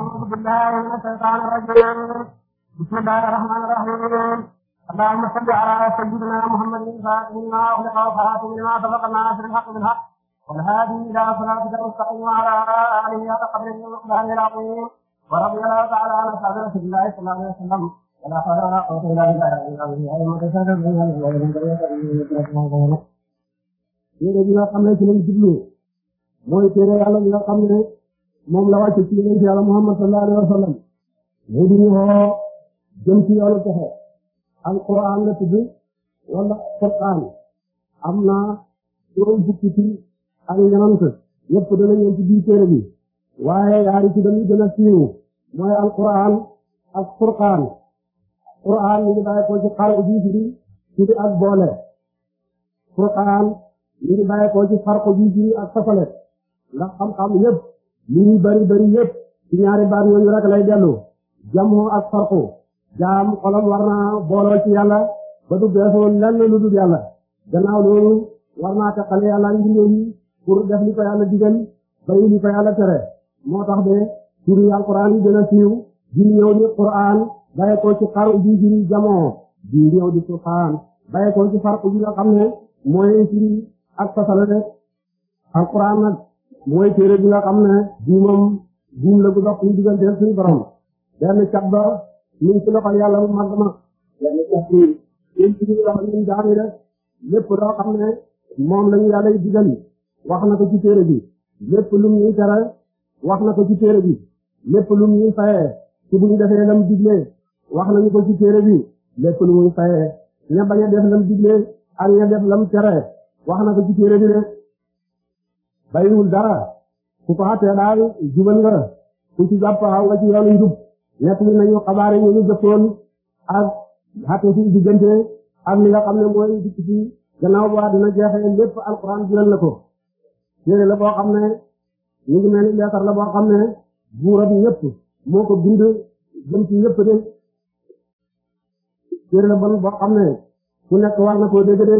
أعوذ بالله من الشيطان الرجيم بسم الله الرحمن الرحيم اللهم صل على سيدنا محمد الفاتح لما أغلق وخاتم لما سبق الناصر الحق بالحق والهادي إلى صراطك المستقيم وعلى آله حق قدره ومقداره العظيم ورضي الله تعالى عن أصحاب رسول الله صلى الله عليه وسلم ولا حول ولا قوة إلا بالله العلي العظيم وتسلم بها إلى يوم القيامة. yéen a ngi nga xam ne ci lañ jublu mooy téere yàlla ñi nga xam ne moom la wàcce ci yonent yàlla Muhammad sallallahu alayhi wa sallam mu di ñu woo jëm ci yoonu texe la tudd wala qur'an am na juróom fukki ci ak ñanant yëpp dana ñëw ci biir téere bi waaye yaari ci dañu gën a siiw mooy alquran ak furqaan qur'an ñu ci xar ko ci farqu ji ak safale ndax xam-xam yëpp li ñu bari bari yépp ci ñaari baat yooyu rek lay dellu jamu ak farqu jaam xolam war naa booloo ba du beesoo lenn lu dul yàlla gannaaw loolu war naa teqale yàlla mbindéef yi pour def li ko yàlla digal bayi li ko yàlla tere moo tax de turu alquran yi gën a siiw di ñëw di ci xaru bi firi jamoo di ñëw di furqaan baye ci farqu bi nga xam ne mooy firi ak tasalale alquran nag mooy téere bi nga xam ne juumam juum la bu dox suñu digganteel suñu ba ñun ci loxol yàlla mu màgg ma benn cat bi ñun suñu loxol ñun daani rek lépp loo ne moom lañu yàlla y digal wax na ko ci téere bi lépp lum ñuy tere wax na ko ci téere bi lépp lum ñuy fayee ci buñ defee lam diglee wax nañu ko ci téere bi lépp lu muy fayee ña bañ a def lam diglee ña def lam tere wax na ko ci téere bi rek bayiwul dara ku ko xatee daal jubal nga ku ci jàpp xaw nga ci yoonu njub nekk li nañu xabaar yi ñu jëppoon ak xate ci diggante ak li nga xam ne mooy dikk ci gannaaw bu dina jeexee lépp alquran jural la ko téere la boo xam ne ñu ngi mel leetar la boo xam ne buura bi moo ko bind jëm ci ñëpp de téere la bon boo xam ne ku nekk war na koo dégg de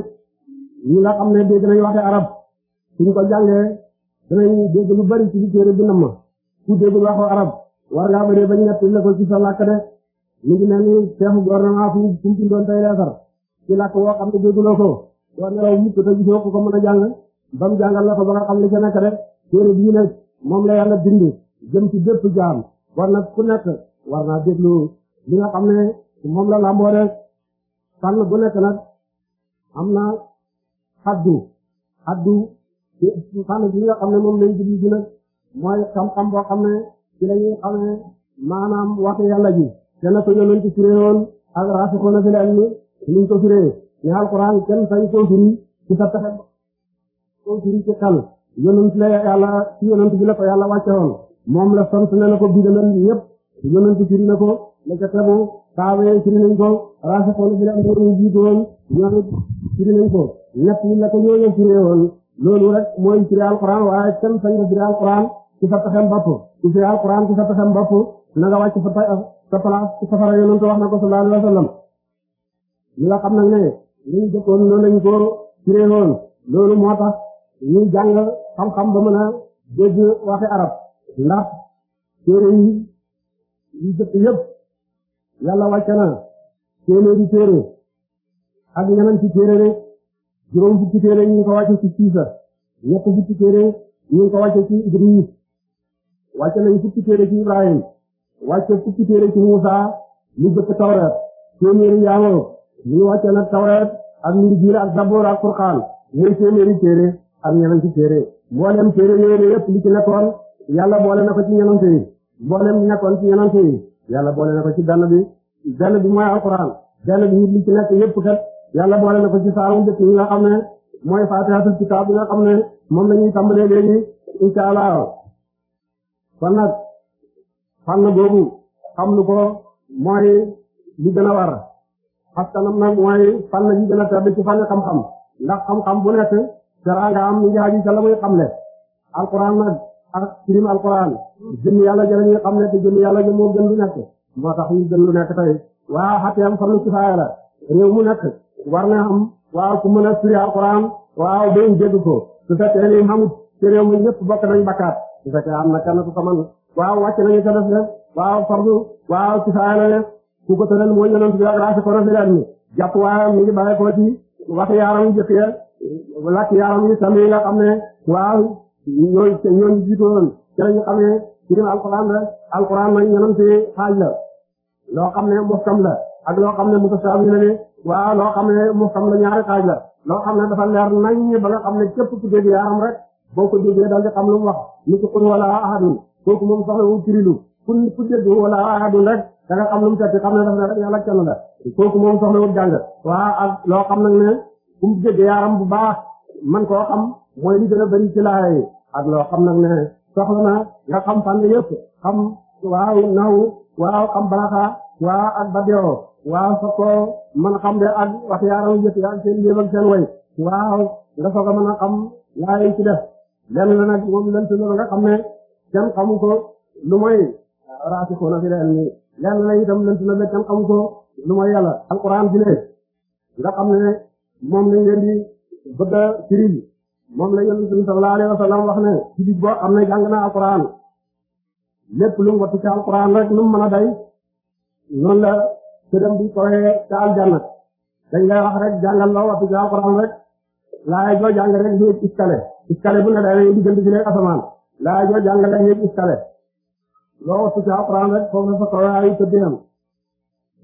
ñi nga xam ne dégg nañu waxe arab suñ ko jàngee danañ dégg lu bari ci téere bi nama ku dégg waxu arab war ngaa bëree bañ ñett ko ci sa làkk de mu ngi mel ni chefu gouvernement fu mu bindoon tey leesar ci làkk woo xam ne dégguloo ko doo nelaw mukk te gisoo ko ko mën a jàng ba mu jàngal la ko ba nga xam li ca nekk bii nag moom la yàlla bind jëm ci bépp jaam war na ku war naa déglu li nga xam ne moom la làmboo de fànn bu nekk am na xaddu xaddu fànn bi nga xam ne moom lañ jublu nag mooy xam-xam boo xam ne ci la ñuy xamee maanaam waxu yàlla ji te na ko yonent ci firee woon ak raasixuuna fil ilmi luñ ko firee ñu alquran kenn sañ koo firi ci sa pexe koo firi ci xel yonent la yàlla ci yonent bi la ko yàlla wàcce woon moom la sant ne na ko bidalal ñëpp yonent firi na ko la ca tegu saawee firi nañ ko raasixuuna fil ilmi ñu jiitu woon ñoom it firi nañ ko ñett yi la ko ñooñu firee woon loolu rek mooy firi alquran waaye kenn sañ nga firi alquran ci sa pexem bopp ci firi alquran ci sa pexem na nga wàcc sa sa place ci wax na ko sallallahu alayhi wa sallam ñi nga xam nag ne liñ jëkkoon noonu ko firee woon moo tax ñu jàng xam-xam ba mën a dégg waxi arab ndax téere yi yu jëkk yëpp yàlla wàcce na téeméeri téere ak ñeneen ci juróom fukki téere ñu ngi ko wàcce ci Siisa ñett fukki téere ñu ngi ko wàcce ci Idris wàcce nañ fukki téere ci Ibrahim wàcce fukki téere ci Muusa lu jëkk Tawreet téeméeri yaamo ñu wàcce la Tawreet ak Linjiil ak Zabuur ak Furqaan muy téeméeri téere ak ñeneen téere mboolem téere yooyu yëpp li ci nekkoon yàlla boole na ko ci ñenante yi mboolem nekkoon ci ñenante yi yàlla boole na ko ci benn bi benn bi mooy Alxuraan benn bi li ci nekk yëpp kat yàlla boole na ko ci saaru njëkk yi nga xam ne mooy faatihatul kitaab bi nga xam ne moom la ñuy tàmbalee léegi insha allah kon nag fànn boobu xam lu ko mooy li gën a war parce que nag mooy fànn yi gën a tedd ci fànn xam-xam ndax xam-xam bu nekk dara nga am ñu ngi aju ca la muy xamle alquran nag ak firim alquran jëm yàlla jërë ñuy xam ne te jëm yàlla jëm moo gën lu nekk moo tax ñu gën lu nekk tey waa xateem farlu kifaaya la war na am waaw ku mën a firi alxuraan waaw ba mu dégg ko su fekkee ni xamut ci réew ñëpp bokk nañ bakkaat su fekkee am na kenn ku ko mën waaw wàcc nañu ko def def fardu waaw kifaaya la def ku ko tëral mooy yonent bi ak raasi ko rafetal mi jàpp waaye mi ngi bàyyi ko ci wax yaaram jëf ya lakk yaaram yi tam nga xam ne waaw ñooñu ñooñu jiitoon ci lañu xam ne ci biir la alxuraan loo xam ne muhkam la ak la ne waaw loo xam ne mu xam la ñaari xaaj la loo xam ne dafa leer nañ ba nga xam ne képp ku dégg yaa xam rek boo ko déggee daal di xam lu mu wax lu ci xul wala ahadun kooku moom soxla wu firilu ku ku dégg wala ahadun rek da nga xam lu mu tekki xam ne dafa ne rek wu jàng waaw loo xam nag ne bu mu déggee yaaram bu baax man koo xam mooy li gën a bëri ci laay ak loo xam nag ne soxla na nga xam fànn yëpp xam waaw naw waaw xam balaxa waaw ak badeo waa fa ko mën a xam de ak wax yaaram jëf ya ak seen léeb ak seen way waaw nga soog a mën a xam laa yi ci def lenn la nag moom lënt la nga xam ne kenn xamu ko lu mooy raasixuuna fil ilmi lenn ko lu mooy ne nga xam ne moom lañ leen di bëgg a firi moom la yonent bi sallallahu alayhi wa sallam wax ne ci boo xam ne jàng na alquran lépp lu mu wattu ci alquran rek lu mën a day noonu la këram bi kowee ca aljanna dañ loo wax ci alxuraan rek laay joo jàngal rek iskale iskale bu ne da ngay diggante ci leen asamaan laay rek yéeg iskale loo wax ci alxuraan rek foofu la fa kowee ay tëddiyam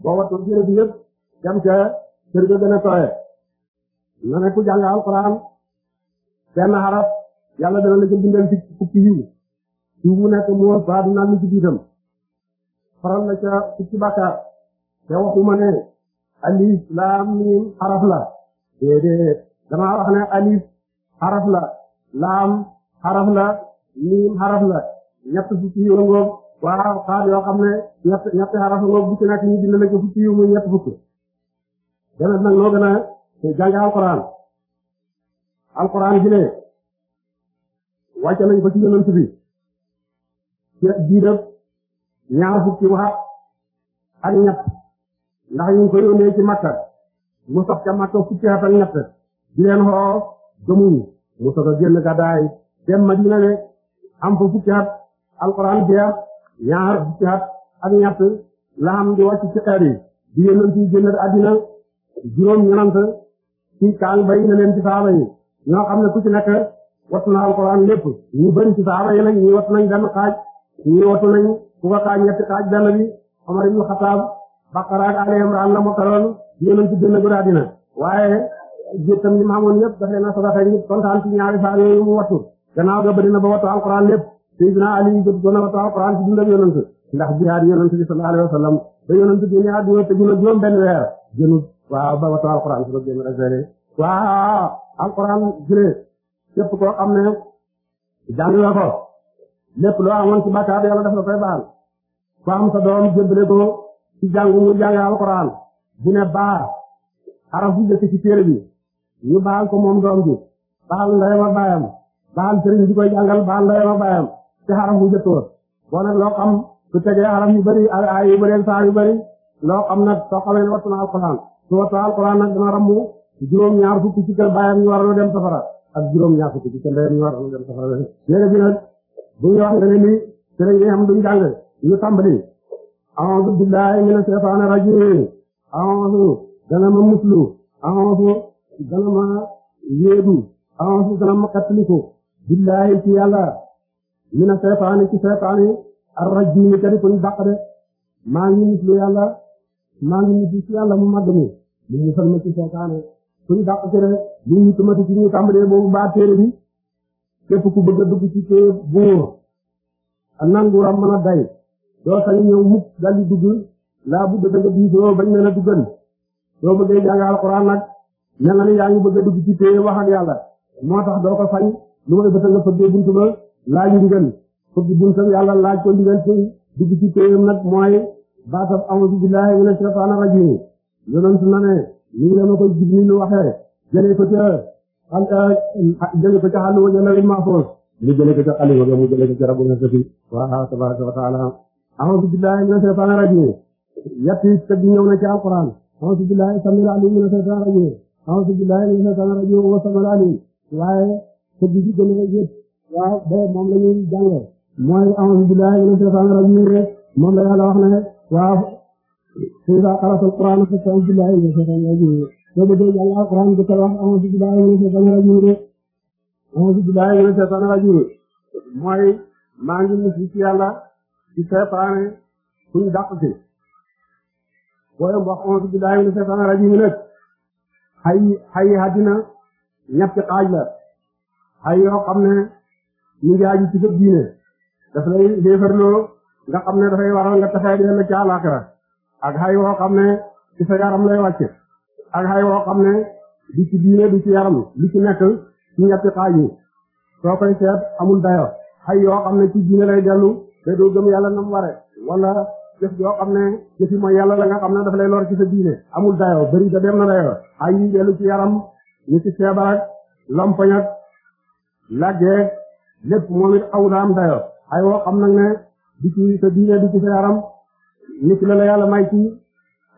boo wattu jërë bi yëpp jam ca kër ga gën a kowee na ne ku jàng alxuraan benn xaraf yàlla dana la ci bindal ci fukki yiw yiw bu nekk mu war faa dina lu ci biitam faral la ca fukki te waxuma ne alif laam miim xaraf la déedéet damaa wax ne alif la laam xaraf la miim xaraf la ñett fukki yu la ngoog waaw xaar yoo xam ne ñett ñetti xaraf la ngoog bu ci nekk ñu dina la ko fukki yu muy ñett fukki dana nag loo gën a jàng alquran alquran bi ko ci yonent bi ci diidab ñaar fukki waxat ndax ñu ko yónnee ci Makka mu sax ca Makka fukki at ak ñett di leen xoo gëmuñu mu soog a génn gàddaay dem Madina ne am fa fukki at alxuraan jeex ñaar fukki at ak ñett la am di wàcc ci xeer yi di yónnent yi génn àddina juróom ñanant ci kaan bay na leen ci saaba yi ñoo xam ne ku ci nekk wattu na alxuraan lépp ñu bëri ci saaba yi nag ñi wattu nañ benn xaaj ñi wattu nañ ku ko xaaj ñetti xaaj benn bi Omar ibn Xattaab Baqara ak Ali Imran la mu taloon yéen ci génn guddaa dina waaye jiitam yi ma xamoon yëpp daf leen a soxla ñu kontaan ci ñaari saar yooyu mu wattu gannaaw ga bëri na ba wattu alquran lépp Seydina Ali jot doon a wattu alquran ci dundam yonent ndax jihaad yonent bi sallallahu alayhi wa sallam te yonent bi ñaar dina te gën a juróom benn weer gënu waaw ba wattu alquran su ko génn rek rek waaw alquran jëlee képp koo xam ne jàng nga ko lépp loo ci jàngu mu jàng alxuraan bu ne baa araf bu jëkk ci téere bi ñu baal ko moom doom bi baal ndeyam ak baayam baal sëriñ bi koy jàngal baal ndeyam ak baayam ci araf bu jëkk wa boo nag loo xam su tegee araf yu bëri ay yu bëri saa yu bëri loo xam nag soo xamee wattu na alxuraan su wattu alxuraan nag dana rammu juróom-ñaar fukki ci kër baayam ñu war a dem safara ak juróom-ñaar fukki ci kër ndeyam ñu war a dem safara léegi bi nag bu ñu wax nga ne nii sëriñ tàmbali a'uuzu billaahi mina shaytaani rajiim a'uuzu dana ma muslu a'uuzu dana ma yéedu a'uuzu billaahi ci yàlla mina shaytaani ci shaytaani ar-rajiim maa ngi muslu yàlla maa ngi muslu ci yàlla mu màgg mu musal ma ci shaytaani kuñ dàq ci de ñu ñu tumati ci ñu tàmbalee boobu baa téere bi ku bëgg a dugg ci téere buur nanguram mën a day doo sañ ñëw mukk dal di dugg laa bu dëgg diisoo bañ leen a duggal soo bëggee jàng alxuraan nag mel na ni yaa ngi bëgg a dugg ci téye wax ak yàlla moo tax doo ko sañ lu may ba laaj ndigal fëgg buntam yàlla laaj ko ndigal ci dugg ci téyam nag mooy baatab a'uuzu billaahi mina shaytaani rajiim yonent na ne ñu ngi a lu waxee jëlee ko ca al ah, jëlee ko ca xàllu wajal lawil mahfuus mu jëlee ko ca rabbuna safi wa a'uuzu billaahi mina shaytaani rajiim yàtt yi tëgg ñëw na ci alquran a'uuzu billaahi samil aliim mina shaytaani rajiim a'uuzu billaahi mina shaytaani rajiim wa samil aliim waaye tëgg gi gën a yëpp waaw moom la ñuy mooy a'uuzu billaahi mina shaytaani rajiim rek moom la yàlla wax ne waaw idaa qara'ta alquran fasta'idh billaahi billaahi mina shaytaani rajiim rek mooy maa ngi mucc ci ci seytaane suñ dàq ci booyam wax onze billahi mina seytaane rajim nag xay xay àddina ñetti xaaj la xay ne ñu ngi ci sa diine daf lay déefarloo nga xam ne dafay waral nga taxee di ëllëg ci àllaaxira ak xay woo xam ne ci sa yaram lay wàcc ak xay ci diine soo koy seet amul dayo xay yoo xam ne ci diine lay dellu te doo gëm yàlla na mu waree wala jëf yoo xam ne jëfi mooy yàlla la nga xam ne dafa lay lor ci sa diine amul dayoo bëri da dem na dayoo ay yi dellu ci yaram ñu ci feebar ak lompoñ lépp moom it aw na am dayoo ay woo xam nag ne di ci sa diine di ci sa yaram nit la yàlla may ci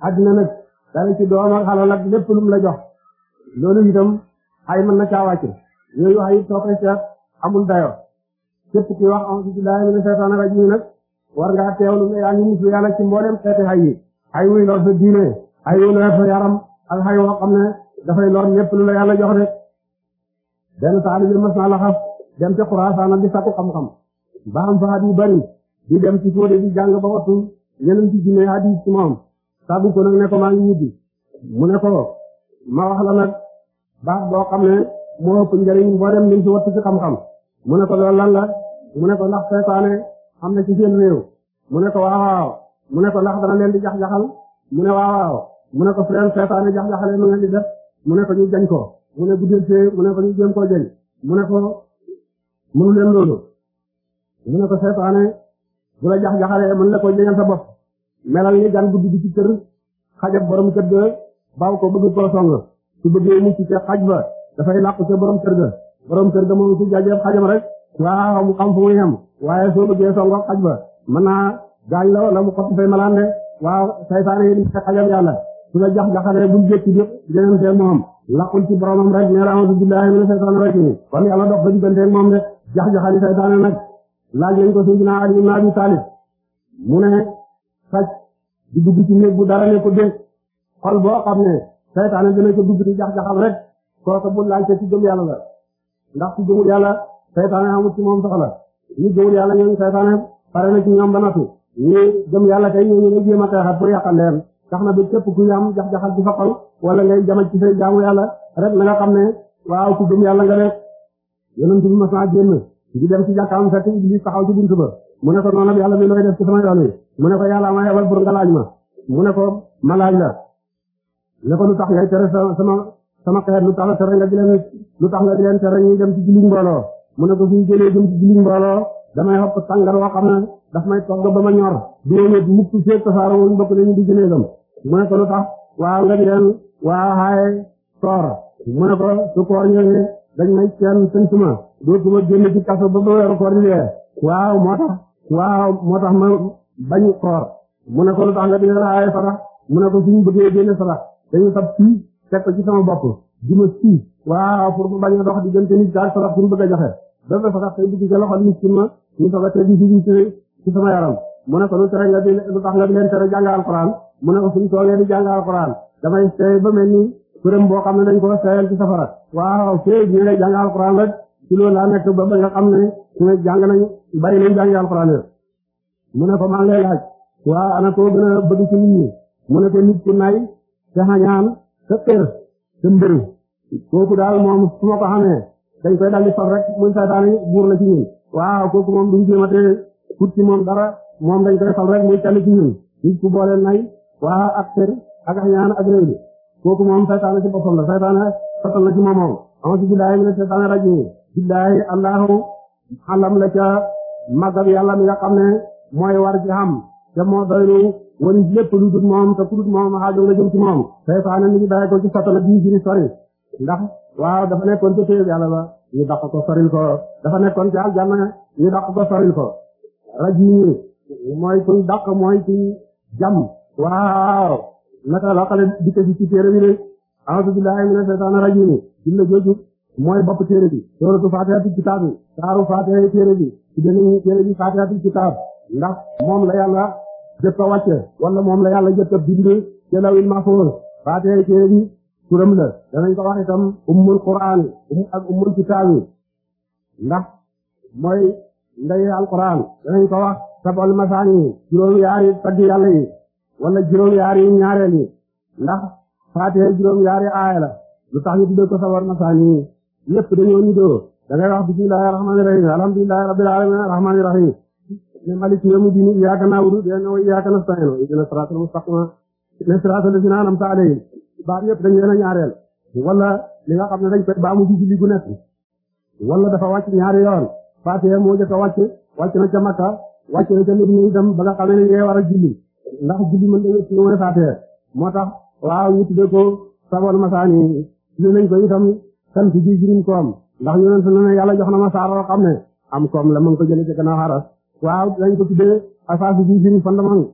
àddina nag dara ci doom ak xalal lépp lu la jox loolu itam ay mën na caawàcc yooyu ay soo koy amul dayo képp ki wax a'uuzu billaahi mina shaytaani rajiim nag war ngaa teewlu ne yaa ngi musu yàlla ci mboolem xeeti xay yi xay wuy lor sa diine xay wuy lor sa yaram ak xay woo xam ne dafay lor ñépp lu la yàlla jox de benn taalibe mas na la xas dem ci xuraasaana di sakku xam-xam ba am fa hadis yu bari di dem ci fóode di jàng ba wattu ñeneen ci jinne hadis ci moom sabu ko nag ne maa ngi ñibbi mu ne ma wax la nag baax boo xam ne moo ëpp njëriñ boo mu ne ko loolu lan mu ne ko ndax seytaane am na ci seen réew mu ne ko waaw mu ne ko ndax dana leen di jax-jaxal mu ne waaw mu ne ko fren seytaane jax mu ne ko ñu jañ ko mu ne guddil fee mu ne ko ñu koo jañ mu ne ko mënu leen loolu mu ne ko seytaane bu la jax-jaxalee mën la ko jañal sa bopp melal ni gan guddi gi ci xajab borom kër ga baaw ko bëgg koo song su bëggee mucc ca xaj ba dafay làqu ca borom kër ga borom kër ga moom su jaajëf xajam waa mu xam fu muy yem waaye soo bëggee songo xaj ba mën gaañ la wala mu xott say malaan de waa saytaane yi sa xajam yàlla su la jax jaxalee bul jëkki di jënanteeg moom laqul ci boromam rek nee a'uuzu billaahi mina saytaani rajiim kon yàlla dox ba digganteeg moom de jax jaxali saytaane nag laaj lañ ko Sayyidina di dugg néeg bu dara ne ko dégg xol boo xam dugg di jax jaxal rek kooku yàlla la ndax ci gëmul yàlla saytaane amul ci moom soxla ñu gëmul yàlla ñooñu saytaane pare na ci ñoom ba noppi ñu gëm yàlla kay ñooñu lay jéem a xeexal pour yàqal leen tax na ba képp ku yam jax-jaxal ci sa xol wala ngay jamal ci say jaamu yàlla rek na nga xam ne waaw ku gëm yàlla nga rek yonent bi mas naa génn di dem ci jàkkaam fekk Iblis taxaw ci buntu ba mu ne ko noonu ak yàlla mi looy def ci sama yoon wi mu ne ko yàlla ma yebal pour nga laaj ma mu ne ko ma laaj la ne ko lu tax ngay tere sama sama xeet lu tax tere nga di lu tax nga di leen tere dem ci julli mbooloo mu ne ko suñu jëlee jëm ci jullit mbooloo damay xob sàngar woo daf may togg ba ma ñor du ma ñëw mukk fee tasaaro wuñ bokk nañu di jëlee dem mu ne ko lu tax waaw nga leen waaw xaay koor mu ne ko su koor ñëwee dañ may seen seen suma dootuma génn ci kaso ba ba weeru koor di dee waaw moo tax waaw moo tax ma bañ koor mu ne ko lu tax nga di leen xaay sarax mu ne ko suñu bëggee génne sarax dañu sab fii teg ko sama bopp di ma fii waaw pour mu bañ a dox diggante nit daal sarax suñu bëgg a joxe bépp sarax tey dugg ca loxo miskin ma ñu soog a teg ci ci ci sama yaram mu ne ko lu tere nga di lu tax nga di leen tere jàng alxuraan mu ne ko suñ toogee damay seey ba mel boo xam ne dañ ko seeyal ci safara waaw fee ñu ngi jàng alxuraan rek ci loolu laa nekk ba ba nga xam ne ñu ngi jàng nañ bari nañ jàng alxuraan rek mu ko maa ngi lay laaj waaw ana koo gën a bëgg ci nit ñi mu ne ko nit ku nay kooku daal moom su ma ko xamee dañ koy daldi fab rek muy saytaane buur la ci ñun waaw kooku moom duñ jéematee put ci moom dara moom dañ koy fab rek muy tali ci ñun nit ku boole nay waa ak kër ak añaan ak réew mi kooku moom saytaane ci boppam la saytaane sottal na ci moom moom ama si billaahi mi ne saytaane rajo billaahi allahu alam la ca màggab yàlla mi nga xam ne mooy war ci xam te moo doylu wani lépp lu dut moom te ku dut moom la jëm ndax waaw dafa nekkoon ci téye yàlla ba ñu dàq ko soril ko dafa nekkoon ci aljanna ñu dàq ko soril ko raj nii mooy kuñ dàq mooy ci jàmm waaw naka la xale dikke si ci téere bi de a'uuzu billaahi mina shaytaani rajiim jumla jooju mooy bopp téere bi sooratu faatihaatul kitaab bi saaru faatiha téere bi ci danañu téere bi faatihaatul kitaab ndax moom la yàlla jëkk a wàcce wala moom la yàlla jëkk a bind ci lawil mahfuuz faatiha téere bi turam la danañ ko wax itam ummul quraan ak ummul kitaabi ndax mooy ndey alquraan danañ ko wax sabal masaani juróom yaari tagg yàlla yi wala juróom yaari ñaareel yi ndax faatiha juróom yaari aaya la lu tax ñu tuddee ko sabal masaani yépp dañoo nidoo da ngay wax bismillahi rahmaani rahiim alhamdulillahi rabbil aalamiin rahmaani rahiim ne maliki yawmi diin iyyaaka na'budu wa iyyaaka nasta'iin ihdina siraatal mustaqiim siraatal laziina an'amta alayhim baam yëpp dañ leen a wala li nga xam ne dañ koy baamu ci julli gu nekk wala dafa wàcc ñaari yoon Faatiha moo jëkk a wàcc wàcc na ca Makka wàcc na ca Medina itam ba nga xam ne dañ koy war a julli ndax julli mën dañu ci mooy moo tax waaw ñu tuddee ko sabon masaani ñu ko itam sant ji jurum koom ndax yonent na ne yàlla jox na ma saaroo xam ne am koom la mën ko jële ci gannaaw xaras waaw danañ ko tuddee asaasi ji jurum fondement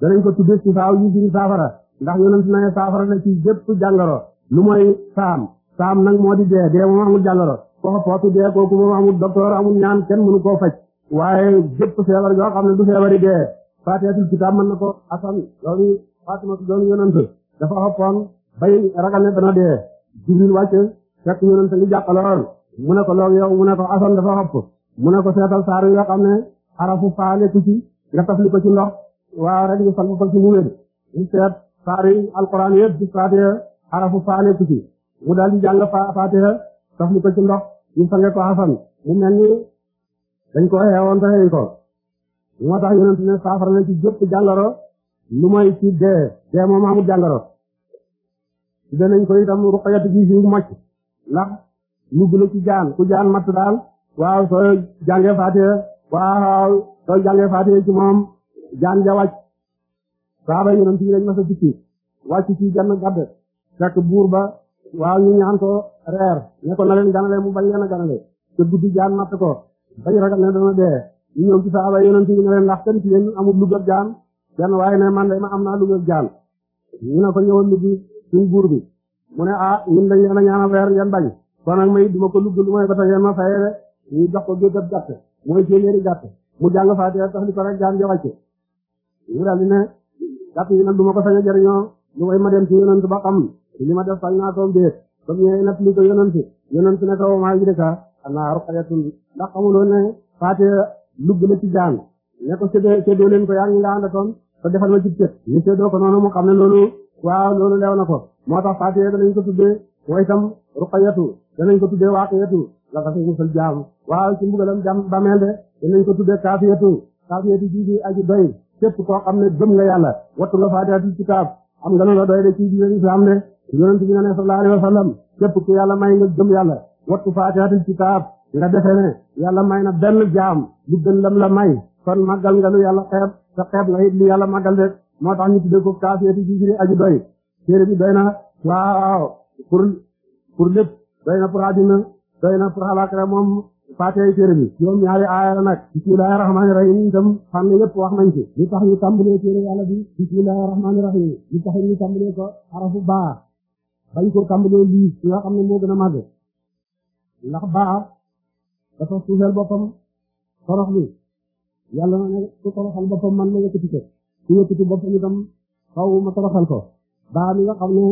danañ ko tuddee ci saaw ji jurum saafara ndax yonent na saafara na ci jëpp jàngoro lu mooy saam saam nag moo di dee dee moom amul jàngoro koo pootu dee kooku moom amul docteur amul ñaan kenn mënu koo faj waaye jëpp feebar yoo xam ne du feebari dee faateetul kitaab mën na ko asan loolu Faatimatu doon yonent dafa xoppoon bay ragal ne dana dee Jibril wàcc fekk yonent ngi jàq lool mu ne ko loolu yow mu ne ko asan dafa xopp mu ne ko seetal saar yoo xam ne arafu faale ku ci nga tafli ko ci ndox waaw rek ñu fal ko ci saar yi alquran yëpp di faatiha xarafu faale ku ci mu daal di jàng fa faatiha taf li ko ci ndox ñu sange ko xasan mu mel ni dañ ko xeewoon te xëy ko moo tax yonent ne saafara na ci jëpp jàngoro lu may ci dee dee moom amul jàngoro ci danañ ko itam ruqayatu ji si mocc ndax lugg la ci jaan ku jaan matt daal waaw soo jàngee faatiha waaw soo jàngee faatiha ci moom jaan ja saaba yonent yi dañ mas a dikki wàcc ci jann gàdd fekk buur ba waaw ñu ñaan ko reer ne ko na leen mu bañ leen a ganale te guddi ko bañ ragal ne dana dee ñu ñëw ci saaba yonent yi ne leen ndax kenn ci yéen amul lu jaan kenn waaye ne man de am naa lu gëb jaan ñu ne ko ñëwal lu bi buur bi mu ne ah ñun dañ leen a ñaan reer ngeen bañ kon nag may duma ko lugg lu may ko tax ngeen ma fayee de ñu jox ko gëgëb gàtt mooy téeméeri gàtt mu jàng faatiha tax li ko rek jaan ja wàcce gàtt yi nag du ma ko sañ a jëriñoo lu way ma dem ci yonent ba xam li ma def sañ naa toom déet ba mu ñëwee natt li ko yonent yonent ne ko maa ngi de ka anaaru xayatun ndax xamuloo ne faate lugg la ci jaan ne ko séddoo séddoo leen ko yaa ngi nga ànd toon te defal ma ci cët ñu séddoo ko noonu mu xam ne loolu waaw loolu leew na ko moo tax faate danañ ko tuddee way tam ruqayatu danañ ko tuddee waaqiyatu la ko musal jaam waaw ci mbugalam jam bameel de danañ ko tuddee kaafiyatu kaafiyatu ji ji aji képp koo xam ne gëm nga yàlla wattu nga faatihatul kitaab am nga la doy de ci biir islam de yonent bi ne sallallahu alayhi wa sallam képp ku yàlla may nga gëm yàlla wattu faatihatul kitaab nga defe ne yàlla may na benn jaam lu gën lam la may kon màggal nga lu yàlla xeeb te xeeb nga it lu yàlla màggal de moo tax ñu tudde ko kaafiyati ci jiri aju doy téere bi doy na waaw pour pour lépp doy na pour àddina doy na pour àllaaxira moom faatee téere bi juróom ñaari aaya la nag bismillahi rahmaani rahim itam fànn yëpp wax nañ ci li tax ñu tàmbalee téere yàlla bi bismillahi rahmaani rahim li tax ñu tàmbalee ko arafu baa bañ ko tàmbalee lii ñi ne moo gën a màgg ndax baa dafa suufeel boppam torox bi yàlla na ne ku toroxal boppam man ma yëkkati ko ku boppam itam ma toroxal ko baa mi nga xam ne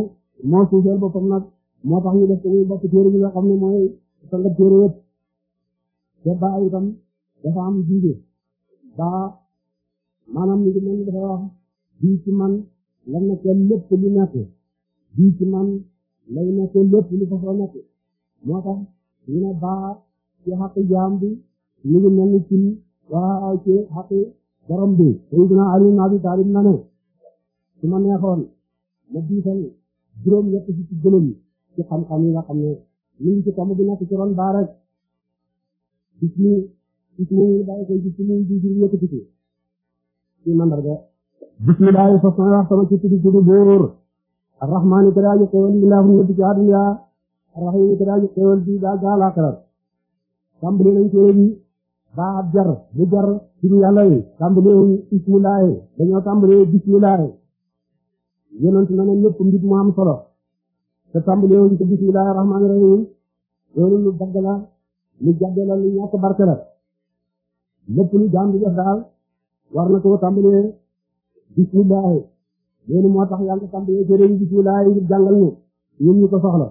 moo suufeel boppam nag moo tax ñu def ko muy bopp téere ne mooy sanga téere te baa itam dafa am jiite baa maanaam li ngeen dafa wax bii ci man la nekk lépp lu nekk bii ci man lay nekk lépp lu fa nekk moo tax ñu ne baa ci xaq jaam bi ñu ngi ni ci waa ci xaq borom bi. Sayyidina Ali ibn Abi Talib na ne su ma neexoon ma diital juróom-ñett ci ci gëlëm ci xam-xam yi nga xam ne ñu ngi ci kamm ci ron baa rek. gis ñu gis ñu bàyyi ko gis ñu gis ñu yëkkati ko ci mandarga bismillahi fas buur arrahmaani ka daaji xewal yi laa nekk ci àdduna arrahimi ka daaji xewal bi daa gaa laakaral tàmbali nañ baa jar bu jar ci yàlla yi tàmbali wuñ bismillahi dañoo tàmbali bismillahi yonent ne lépp mu am solo te tàmbali wuñ ko bismillahi rahmaani rahim lu dagg lu jàddee la lu ñàkk barke la lépp lu jaam bi daal war na koo tàmbalee bismillaahi loolu moo tax yàlla tàmbalee téere bismillaahi ngir jàngal ñu ñun ñu ko soxla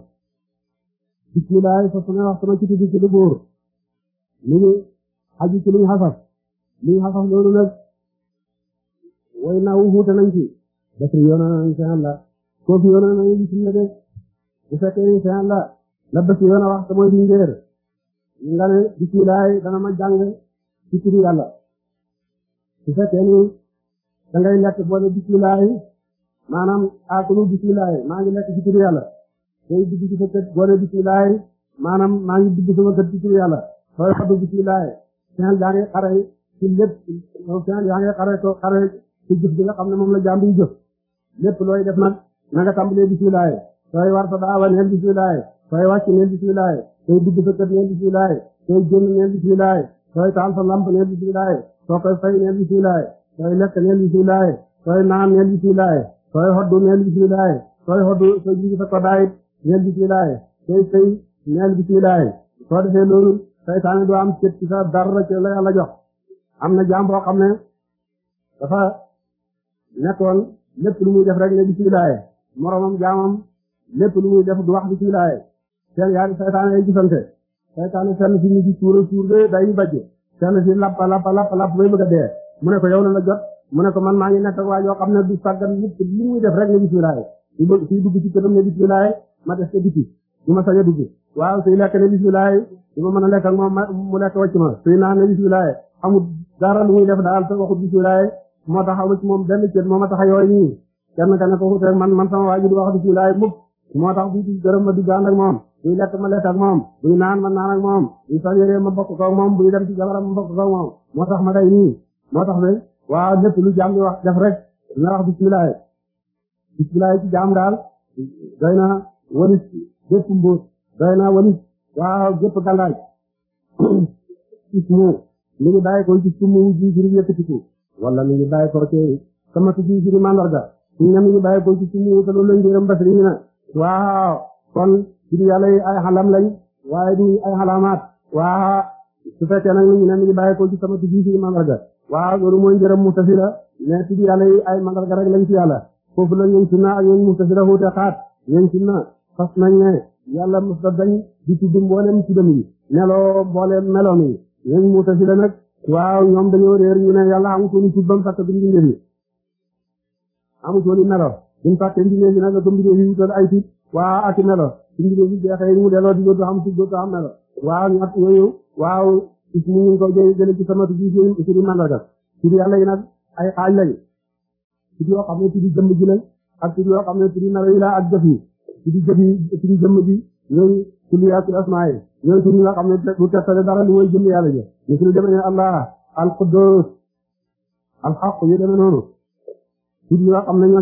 bismillaahi fa su nga wax sama ci tuddi ci lu góor lu ci lu ñu xasaf lu loolu nag way naaw xuute nañ ci def yoona nañ ci yàlla kooku yoona nañ bismillaahi de bu fekkee ni ci yàlla la bés yoona wax te mooy nga ne bisimilah dana ma jàng ci turu yàlla su fekkee ni da ngay lekk boole bisimilah maanaam aakulu bisimilah maa ngi lekk ci turu yàlla day dugg ci sa kër boole bisimilah maanaam maa ngi dugg sama kër ci turu yàlla sooy xaddu bisimilah seen yaa ngi xare ci lépp seen yaa ngi xare ko xare ci jëf bi nga xam ne moom la jaam bi jëf lépp looy def nag na nga tàmbalee bisimilah sooy war sa daawa neel bisimilah sooy wàcc neel bisimilah tey dugg sa kër nee bismilaay tey génn nee bismilaay sooy taal sa lamp nee bismilaay soo koy fay nee bismilaay sooy lekk nee bismilaay sooy naan nee bismilaay sooy hoddu nee bismilaay sooy hoddu soo jigi sa kodaay nee bismilaay tey sëy nee bismilaay soo defee loolu saytaane doo am cët ci sa dara ci la yàlla jox am na jaam boo xam ne dafa nekkoon lépp lu muy def rek ne bismilaay moromam jaamam lépp lu muy def du wax bismilaay seen yaari saytaane ay gisante saytaane seen si ñu ci suura suur de day bajje seen si lapp lapp lapp lapp bay bëgg a dee mu ne ko yow la la jot mu ne ko man maa ngi nekk ak waa yoo xam ne du sàggan nit li muy def rek ne bismilaay su suy dugg ci këram ne bismilaay ma def ca biti du ma sañ a dugg waaw suy lekk ne bismilaay du ma mën a lekk ak moom mu lekk wàcc ma suy naan ne bismilaay amul dara lu muy def daal te waxut bismilaay moo tax amu ci moom benn cër moo ma tax a yooyu nii kenn ka ne ko man man sama waa ji du wax bismilaay mukk moo tax bu ci gërëm ma dugg ànd ak moom buy lekk ma lekk ak moom buy naan ma naan ak moom buy sol yére ma bokk koog moom buy dem ci jabaram ma bokk koog moom moo tax ma day nii moo tax ne waaw lépp lu jaam di wax def rek dina wax bismilaay bismilaay ci jaam daal doy na walis bépp mbuus doy na walis waaw gépp gàndaay ismu mi ngi bàyyi ko ci sumu ji jiri yëkkatiku wala mi ngi ngi bàyyi ko ci sumu te loolu lañ jërëm basri mi na waaw kon ci yàlla yi ay xalam lañ waaye du ay xalamaat waa su fekkee nag ñu ne mi ngi bàyyi ko ci sama tijji ci mandarga waaw loolu mooy njëram mutasila mais ci yàlla yi ay mandarga rek lañ ci yàlla foofu la ñun sunna ak ñun mutasila wuute xaat ñun sunna fas nañ ne yàlla a dañ di tudd mboolem tuddam yi meloo mboolem meloom yi ñun mutasila nag waaw ñoom dañoo réer ñu ne yàlla amutoon tudd ba mu fàtte duñ mbir yi amutoon melo duñ fàtte mbir yi nag ko ci njubóo bi jeexee mu delloo di góor xam ci góor xam melo waaw ñett yooyu waaw ismu ñu ngi ko jëlee ci sama bi ci ci di mandarga di yàlla yi nag ay xaaj lañ ci di yoo xam ne ci di jëmm ji lañ ak di yoo xam di melo di jëf yi di jëmm ji ñooy ci li yaatu asmaa yi ñooy ci nga allah al quddus al xaq yu demee noonu ci di yoo xam ne ñoo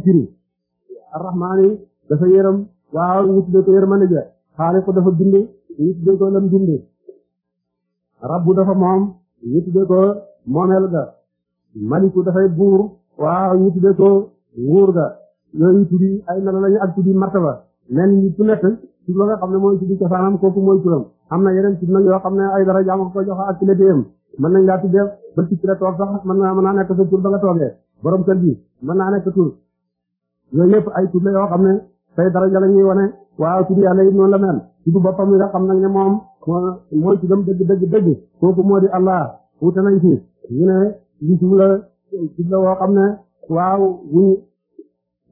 ci des dafa yërëm waaw ñu tuddee ko yërmande ja xaaliqu dafa bind ñu tuddee ko lam bu rabbu dafa moom ñu tuddee ko moomeel ga maliku dafay buur waaw ñu tuddee ko nguur ga yooyu tuddi ay melo lañu ak tuddi martaba mel ni ku nekk ci la nga xam ne mooy tuddi cosaanam kooku mooy turam am na yeneen tudd nag yoo xam ne ay dara jaam ko jox ak kilatéyam mën nañ laa tuddee ba ci la toog sax mën naa mën naa nekk sa tur ba nga toogee borom kër gi mën naa nekk say daraja la ñuy wane waaw tudd yàlla yi noonu la mel tudd boppam yi nga xam nag ne moom mooy tuddam dëgg dëgg dëgg kooku moo di allah wute nañ ci ñu ne li tudd la tudd la woo xam ne waaw wuñ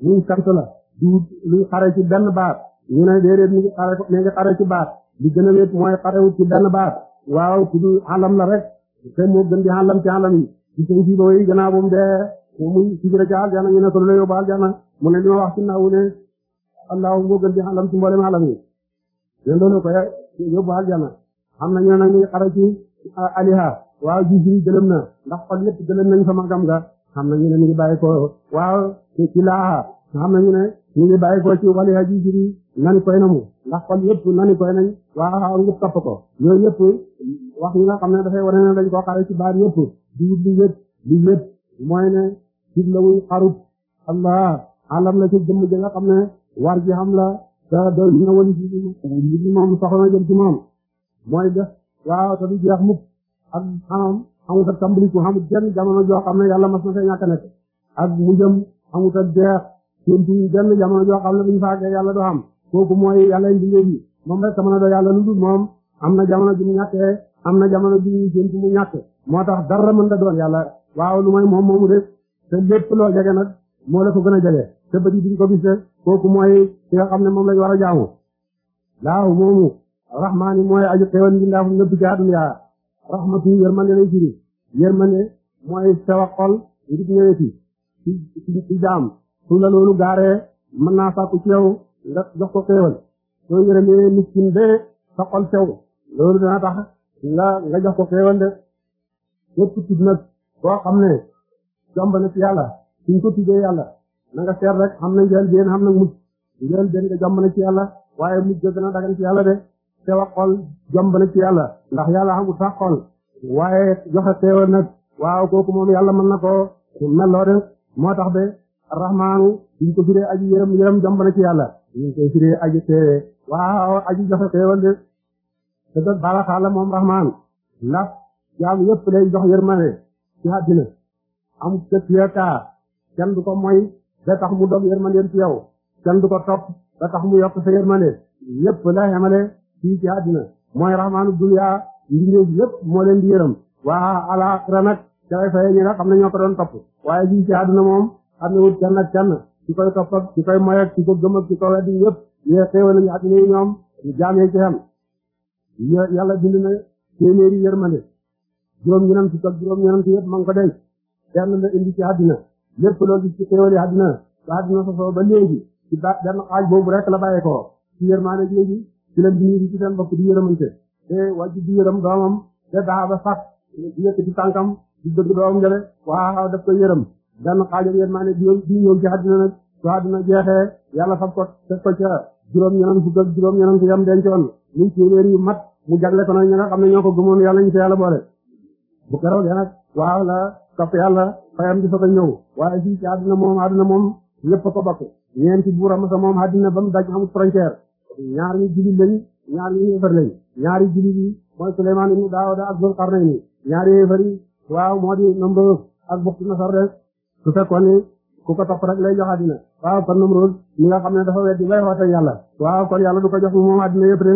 wuñ sant la du luñ xare ci benn baat ne déedéet mi ngi xare mi ngi xare ci baat li gën a wéet mooy xarewut ci benn baat waaw alam la rek te moo gën di alam ci alam yi ci suñ si booy gannaaw bu mu dee muy sigre ci aljana ñu ne ko lu la yóbbu aljana mu ne li ma wax ci naaw ne allahu moo gën di alam ci mboolem alam yi len loolu koy yóbbu aljana am na ñoo nag ñu xara ci ah, aliha waaw jijiri gëlëm na ndax xol yëpp gëlëm nañ sama gam ga xam na ñu ne ñu ngi bàyyi ko waaw ci laaha xam na ñu ne ñu ngi bàyyi ko ci waliha jijiri nani koy na mu ndax xol yëpp nani koy nañ waaw ngëp topp ko yooyu yëpp wax ñi nga na ne dafay wane ne dañ koo xare ci baat yëpp di li yëpp li yëpp mooy ne ci la muy xarut allah alam la war ji la da doy na wali ji ji moom soxla na jëm ci moom mooy def waaw te du jeex mukk ak xamam xamuta tambaliku xamut jenn jamono joo xam ne yàlla mas na fee ñàkk nekk ak mu jëm xamuta jeex séntu jenn jamono ñu faagee yàlla na jamono ji mu ñàkkee am na jamono ji mu séntu mu ñàkk moo tax dara mën da doon yàlla waaw lu mooy moom moomu rek te lépp loo nag moo la ko gën a jege te bët yi duñ ko gis kooku mooy ki nga ne moom lañ war a jaamu laahu moomu rahmaani mooy aju xéwal mbindaa fu mu nëbb jaadum yaa rahmatu yërmande lay firi yërmande sewa xol ngir ñëwee ci ci ci loolu gaaree mën naa sàkku nga jox ko xéwal soo yërëmee miskin bee sa xol sew loolu dana tax nga nga jox ko xéwal de képp tudd nag boo xam ne jomb na ci yàlla suñ ko yàlla na nga seet rek xam na njël benn xam na mujj njël benn nga jomb na ci yàlla waaye mujj ga dana dagan ci yàlla de sewa xol jomb na ci yàlla ndax yàlla xamul sax xol waaye joxe teewal nag waaw kooku moom yàlla mën na koo melloo de moo tax de arrahmaanu duñ ko firee aji yërëm yërëm jomb na ci yàlla duñ koy firee aji teewee waaw aji joxe teewal de te doot moom rahmaan ndax jaam yëpp lay jox yërmande ci àddina am kët yee kaa kenn du ko moy da tax mu dog yërmandeem ci yow kenn du ko topp da tax mu yokk sa yërmande ñëpp la yemale fii ci àddina mooy rahmaanu dunya mbindeef yëpp moo leen di yërëm waa alaaxira nag ca lay fayee ñi nga xam ne ñoo ko doon topp waaye fii ci àddina moom xam ne wut kenn ak kenn ci koy topp ak ci koy moy ak ci ko gëm ak ci ko weddi yëpp yee xéewal nañu àddina yi ñoom jaamee ci xam yàlla bind na téeméeri yërmande juróom ñeneen ci ko juróom ñeneen ci yëpp ma ngi ko denc kenn la indi ci àddina lépp loo gis ci xéewali àddina ba àddina sosoo ba léegi ci ba benn xaaj boobu rek la bàyyeekoo ci yërmaane léegi ci leen bi ñu ci seen bopp di yërëmante te wàcc di yërëm doomam te daa ba sax yëkk ci tànkam di dëgg doomam jële waaw daf ko yërëm benn xaajam yërmaane bi di ñëw ci àddina nag su àddina jeexee yàlla fab ko teg ko ca juróom-ñeneen fukk ak juróom-ñeneen fukk yam dencoon muy téeméer yu mat mu jagle ko nag ñi nga xam ne ñoo ko gëmoon yàlla ñu ci yàlla boole bu keroog nag topp yàlla fayam di soog a ñëw waaye fii ci àdduna moom àdduna moom ñëpp a ko bokk ñeenti buura masa moom àdduna ba mu daj amul frontière ñaar ñu jullit lañ ñaar ñu yéefar lañ ñaari jullit yi mooy Suleymaan ibnu Daawuda ak Zulqarnayni ñaari yéefar yi waaw moo di Namruud ak Buxtinasar de su fekkoon ni ku ko topp rek lay jox àdduna waaw kon Namruud mi nga xam ne dafa weddi bay xoote yàlla waaw kon yàlla du ko jox moom àdduna yëpp de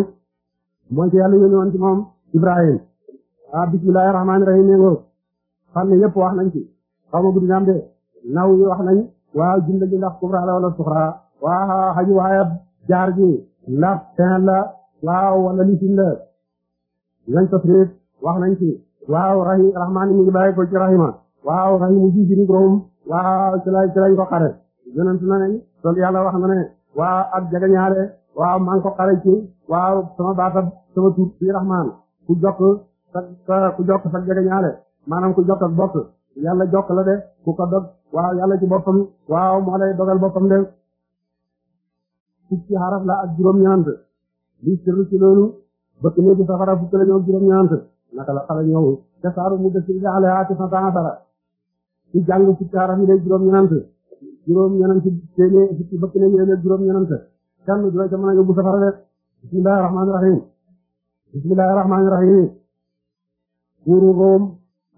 xam ne wax nañ ci xaw ma guddi naam de naw yi wax nañ waaw jumla ji ndax kubra la waaw xaju waaya jaar ji ndax fin la waaw wala lisin la lañ tasrif wax nañ ci waaw rahim rahmaan mu ngi bàyyi ko ci rahima waaw rahimu ji ci room waaw ci lañ ci lañ ko xare yonent na ne sol yàlla wax na ne waaw ak jagañaale waaw maa ko xare ci waaw sama baatab sama tur ci rahmaan ku jokk sa ku jokk maanaam ku jokk ak bopp jokk la de ku dog waaw yàlla ci boppam waaw moo lay dogal boppam de fukki xaraf la ak juróom-ñaant li sirru ci loolu bëkk ne ci safara fukki la ñëw juróom-ñaant naka la xala ñëw te saaru mu des ci jaxale aati fa taatara ci jàng fukki xaraf yi de juróom-ñaant juróom-ñaant téeméer fukki bëkk ne yéene juróom-ñaant kenn du la ca a yóbbu safara de bismillahi rahmaani rahim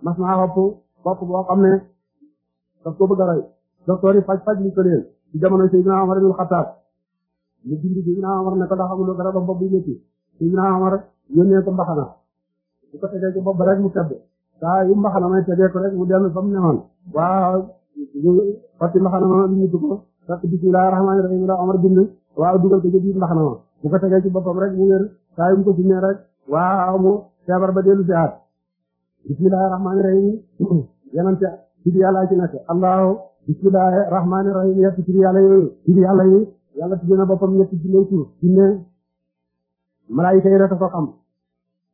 mas naa wopp bopp boo xam ne daf ko bëgg a rey docteur yi faj faj li ko leen ci jamono Seydina Omar ibn Khattab mu bind Seydina Omar ne ko ndax amuloo garab bopp bu métti Seydina Omar yónnee ko mbaxana bu ko tegee ci bopp rek mu tedd saa yu mbaxana may tegee ko rek mu dellu fa mu newoon waaw fatti mbaxana ma ñu ko fekk bismillahir rahmanir rahim la Omar bind waaw dugal ko ci biir bu ko tegee ci boppam rek mu wér saa yu mu ko suñee rek waaw mu feebar ba dellu si aat bismillahi rahmaani rahim yenante ci yàlla ci nekk allahu bismillahi rahmaani rahim yett ci yi yàlla tudd na boppam ñetti junne tur junne malaayika yi rek a ko xam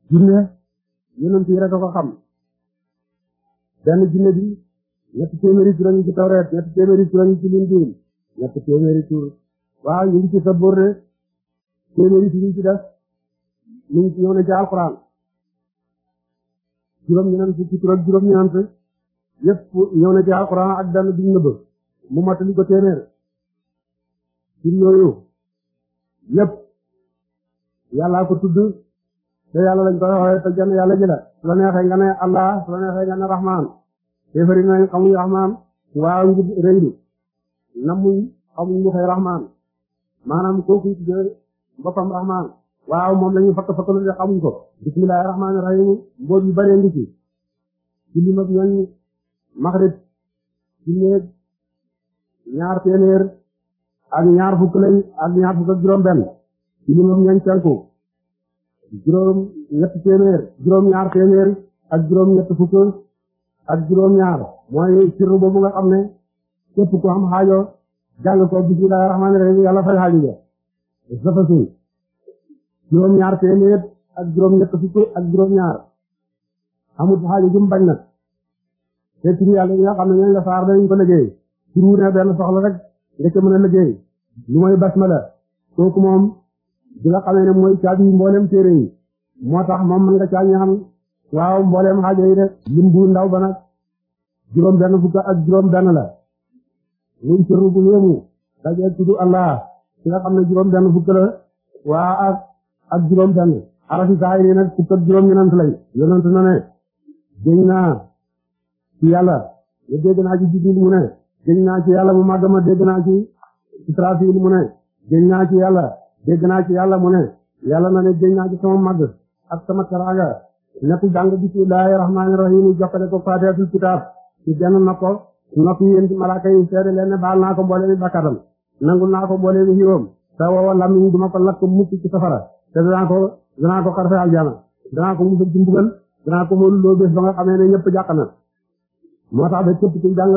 junne yonent yi rek a ko xam benn junne bi ñetti téeméeri tur ñu ci tawreet ñetti téeméeri tur ñu ci lindiin ñetti téeméeri tur waaw ñu ngi ci sabóor de téeméeri tur ñu ci def ñu ngi ñëw na ci alquran juróom-ñeneen fukki tur ak juróom-ñeneen fa yëpp ñëw na ci alquran ak benn biñ nëbb mu matali ko téeméer ko tudd te yàlla lañ koy waxee te genn yàlla ji la su la neexee nga ne allah su la neexee waaw moom la ñuy fakk fakk lu de xamuñ ko bismillahi rahmaani rahim mbóot yu bëree ngi ci ci li mag ñooñ maxrib ci néeg ñaar téeméer ak ñaar fukk lañ ak ñaar fukk ak juróom benn ci li mag ñooñ penku juróom ñett téeméer juróom ñaar téeméer ak juróom ñett fukk ak juróom ñaar mooy sirru boobu nga xam ne képp ku am xaajo jàng ko bismillahi rahmaani rahim yàlla fay xaajo ja dafa suñ juróom-ñaar téeméer ak juróom-ñett fukk ñaar amul xaaju jum bañ nag te tur nga xam ne ñooñu la saar dañu ko liggéey tur wu benn soxla rek nga ca mën a liggéey lu mooy basmala kooku moom di xamee ne mooy caabi mboolem téere yi moo tax moom mën nga caa ñaan waaw mboolem xaajo yi de lim bu ndaw ba nag juróom benn fukk ak juróom benn la muy sirru bu yéemu dajeeg tudd Allah ki nga juróom benn fukk la waa ak ak juróom benn arafi saa nii nag fukk ak juróom ñenant lay yonent na ne géñ naa ci yàlla ne dégg naa ci jibril mu ne géñ naa ci yàlla màgg ma dégg naa ci israfil mu ne géñ naa ci yàlla dégg naa ci yàlla mu ne yàlla na ne géñ naa ci sama màgg ak sama karaaga nekk jàng bismillahi rahmaani rahim jokkale ko faatihatul kitaab ci benn na ko noppi yi seede leen ne baal naa ko mboole mi bakkatam nangul naa ko mboole mi xiwam te woowa duma ko lakk mukk te danaa ko danaa ko xarfe aljana danaa ko musal ci mbugal danaa ko loo bés ba nga xamee ne ñëpp jàq na moo tax ba képp ci jàng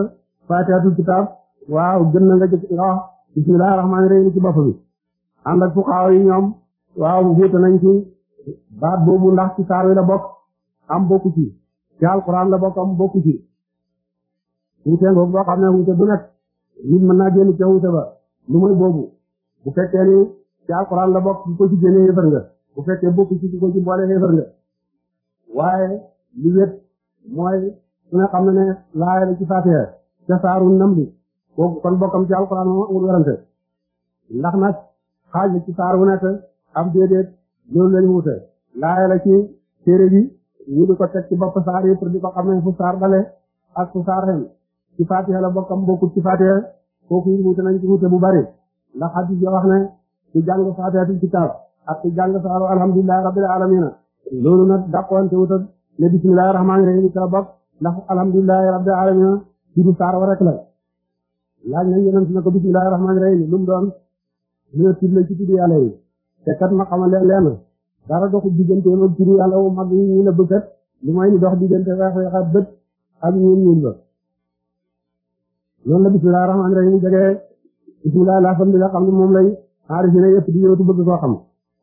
faatihatul kitaab waaw gën na nga jëkk nga wax bismillahir rahmanir rahim ci bopp bi ci baat boobu ndax ci bokku ci ci alquran la bokk am bokku ci bu nekk nit mën naa génn ca wuute ba lu muy boobu bu fekkee ni ci alxuraan la bokk ci génne bu fekkee bokk ci ku ko ci boole xéefar nga waaye li wét mooy su nga xam ne ne la ci faatiha ca saaru nam bi kooku kon bokkam ci alxuraan moom amul werante ndax nag xaaj la ci saar wu nekk am déedéet loolu lañu wute laaya la ci téere bi ñu di ko teg bopp saar yi pour di ko xam ne fu saar dale ak fu saar xem ci faatiha la bokkam bokkut ci faatiha kooku yi wute nañ ci wute bu bari ndax xadis ya wax ne ci jàng faatihatul kitaab ak ci jàng saaru alhamdulillahi rabbil alamina loolu na dàqoonte wut ak ne bismillahi rahmaani rahim ca bokk alhamdulillahi rabbil alamina ci du saar rek la laaj nañ yonent ne ko bismillahi rahmaani rahim lu mu doon ñu ne tudd la ci tudd yàlla yi te kat ma xamal leen lenn dara doxu diggante ak tudd yàlla wu mag yi ñu la bëggat lu may ni dox diggante weex weex ak bët ak ñun ñun la loolu la bismillahi rahmaani rahim jege bismillahi aarif yi ne yëpp di yëngatu bëgg koo xam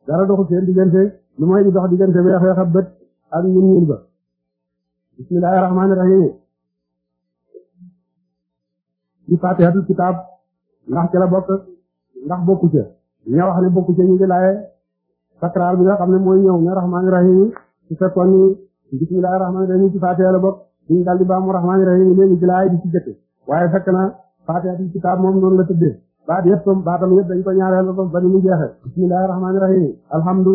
dara doxu seen diggante lu mooy di dox diggante weex weex ab bët ak ñun ñun ba bismillahir rahmanir rahim ci fatihatul kitab ndax ca la bokk ndax bokku ca ña wax bokku ca ñu ngi laaye sakraar bi nga xam ne mooy ñëw ne rahmanir rahim su fekkoon bismillahir rahmanir rahim ci fatiha bokk ñu daldi baamu rahmanir léegi ci laay di ci jëkk waaye fekk na fatihatul kitab moom noonu la tëddee baat yëpp tam baatam yëpp dañ ko ñaareel ba ba ni mu jeexe bismillahi rahmaani alhamdu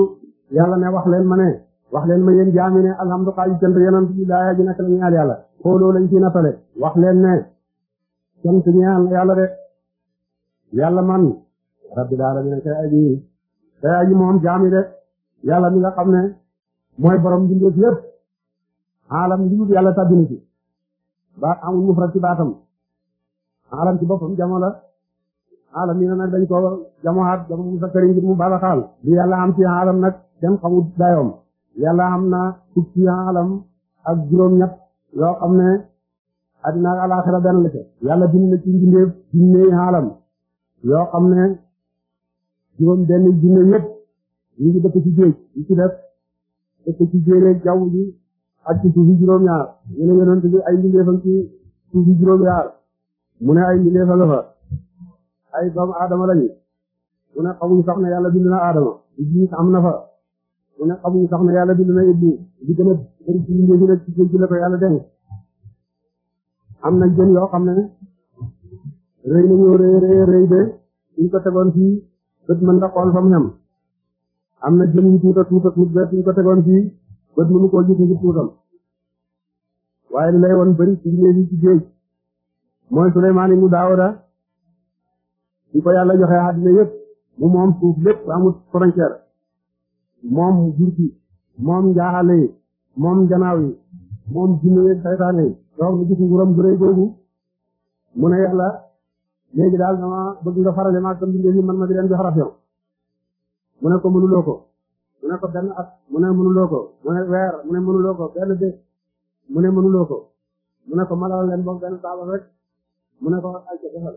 yàlla ne wax ma ne wax leen ma yéen jaami ne alhamdu xaaju cant yenant bi laa ji nak la ñaal yàlla xooloo lañ ci nattale wax leen ne cant ñaal yàlla de yàlla man rabbil alamin kay aji kay aji moom jaami de yàlla mi nga xam ne mooy borom mbindeef yëpp alam bi yàlla tabbina ci baat amul mufrat ci baatam alam ci boppam jamono alamiina nag dañ ko jamoxaat jamono bu sakkari ngir mu bala xaal li yàlla am ci alam nag kenn xamul dayoom yàlla am na fukki alam ak juróom-ñett yoo xam ne àddina alaaxira benn la ca yàlla na ci mbindeef junne alam yoo xam ne juróom benn junne yëpp ñu juróom-ñaar mu ne ay mbindeefam la ay doomu aadama lañu mu ne xamuñ sax ne yàlla bind na aadama iblis am na fa mu ne xamuñ sax ne yàlla bind na iblis li gën a bëri ci mbéy mi ci géej gi la ko yàlla denc am na jën yoo xam ne rëy nañoo rëy rëy rëy de suñ ko tegoon fii bët mën na xool fa mu ñam am na jën yu tuuta tuuta tuut ba suñ ko tegoon fii bët mënu koo gis ngir tuutam waaye li lay woon bëri ci mbéy mi ci géej mooy Suleymaan ibnu Daawuda di ko yàlla joxe àddina yëpp mu moom suuf lépp amut frontière moom jur gi moom njaaxale moom janaaw moom jinne yi saytaane yi toog na gis googu mu ne yàlla léegi daal dama bëgg nga farale maa ko mbindee man ma di leen jox ration mu ne ko mënuloo ko mu ne mu ne mënuloo ko mu ne weer mu ne mënuloo ko benn mu ne mënuloo ko mu ne ko malal leen boog benn taabal mu ne ko ay ca defal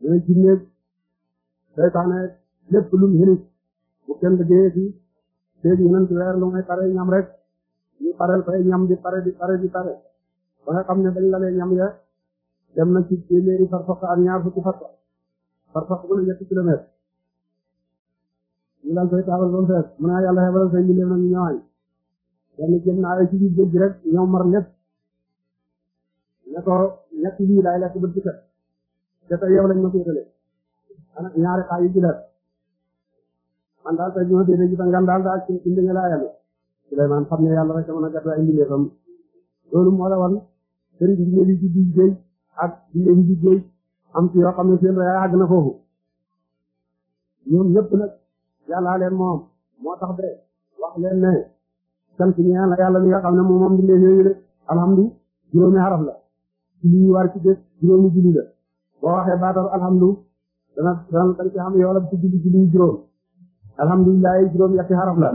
dana ci néeg seytaane lépp lu mu yëngu bu kenn liggéeyee fi léegi yeneen ci weer lu may pare ñam rek ñu di pare di pare di pare ba nga ne dañ lalee ñam ya dem na ci téeméeri farfaq ak ñaar fukki farfaq farfaq bu ne ñetti kilomètre ñu daal koy taabal ba mu fees mu ne ah yàlla xebalal say mbindeef na ay ci biir géej gi rek ñoom mar lépp ne ko lekk bët te tey yow lañ ma féetale ana ñaari xaaj yu ci def man daal tey jii ma féetee gis nga daal daal ci indi nga laa yàlla Souleymane xam ne yàlla rek a mën a gàddu ay mbindeefam loolu moo la wan sëriñ bi ñu ci liggéey ak liggéey bi liggéey am ci yoo xam ne seen yaay àgg na foofu ñoom ñëpp nag yàllaa leen moom moo tax de wax leen ne sant ñaan la yàlla mi nga xam ne moom moom mbindeef yooyu rek alhamdu juróomi xaraf la ci li ñu war ci def juróomi julli la. boo waxee baatam alhamdu dana dana dana ci am yoolab ci julli julli alhamdulilah juróom ñetti xaraf la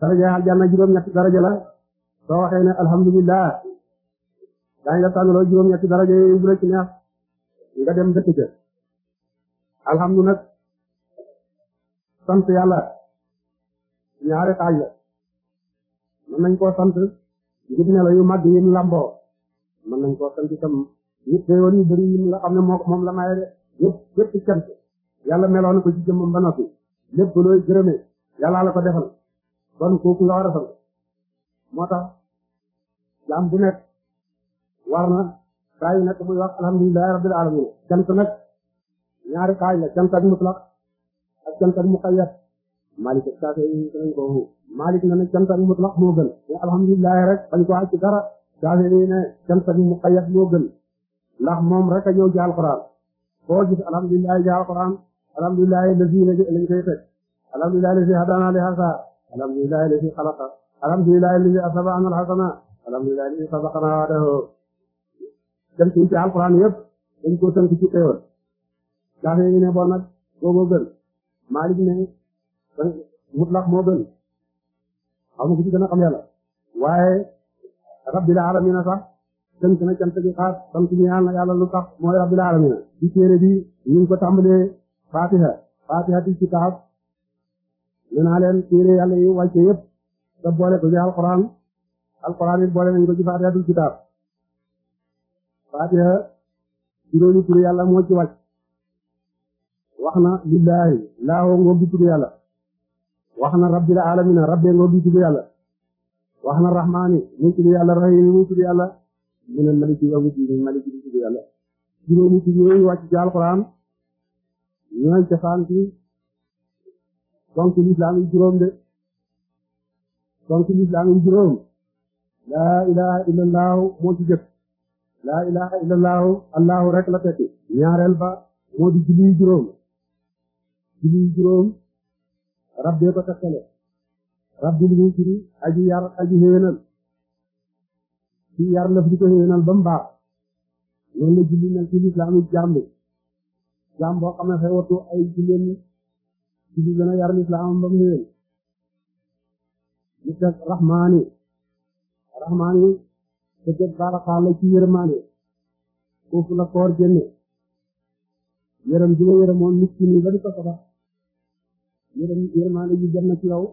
daraja aljanna juróom ñetti daraja la soo alhamdulilah daañu la tànnaloo juróom ñetti daraja yooyu bu la dem dëkk alhamdu nag sant yàlla ñaari xaaj la mën nañ koo sant ngir ne la yu lamboo mën nañ koo sant yëpp xéewal yu bëri yi nga xam ne moo moom la maye de yëpp yëpp cant yàlla meloon na ko ci jëmmam ba noppi lépp looy gërëmee yàlla la ko defal kon kooku nga war a sant moo tax jaam bu nekk war na saa yu nekk muy wax alhamdulillahi rabbil alamin cant nag ñaari xaaj la cant ak mutlaq ak cant ak muqayyad malik saa yi dañ ko malik na ne cant ak mutlaq moo gën te alhamdulillahi rek bañ ko wax ci dara saa yi ne cant ak muqayyad moo gën ndax moom rek a ñëw ci alxuraan boo gis alhamdulilah ci alxuraan alhamdulilah lazi lañ koy teg alhamdulilah lazi hadana li hasa alhamdulilah lazi xalaqa alhamdulilah lazi asaba anal hasana alhamdulilah lazi sabaqana wa'dahu dem ci alxuraan yëpp dañ ko tënk ci xéewal ndax ñu ne bon nag boobu gën Malik ne mutlaq moo gën xam nga ku ci gën a xam yàlla waaye rabbil alamin sax sant na cant gi xaar sant ñaan yàlla lu tax mooy rabbil alamin ci téere bi ñu ko tàmbalee fatiha fatiha ci kitaab nee naa leen téere yàlla yi wàcce yëpp da boole ko ci alquran alquran it boole nañ ko ci fatiha ci kitaab fatiha juróomi turu yàlla moo ci wàcc wax na lillahi laahoo ngóob bi turu yàlla wax na rabbil alamin rabbee ngóob bi turu yàlla wax na rahmaani mu turu yàlla rahim mu turu yàlla mu ne maliki yawmi diin maliki di tudd juróomi tur yooyu wàcc ci alxuraan ñooy cosaan ci donc lislaam juróom de donc lislaam juróom laa ilaha illallahu moo ci jëkk laa ilaha illallahu allahu rek la tekki ñaareel ba moo di julli juróom julli juróom rab ko tekkale rab di lu muy aji yar aji xéenal ci yar la fi ko yéenal ba mu baax loolu la julli yi jaam bi jaam boo xam ne xëy wattu ay julleen julli yar lislaam ba mu yéen ñu teg rahmaani rahmaani la ci yërmaane foofu la koor génne yërëm ji nga yërëmoon nit ki nii di ko soxla yërëm yërmaane ji jëm na ci yow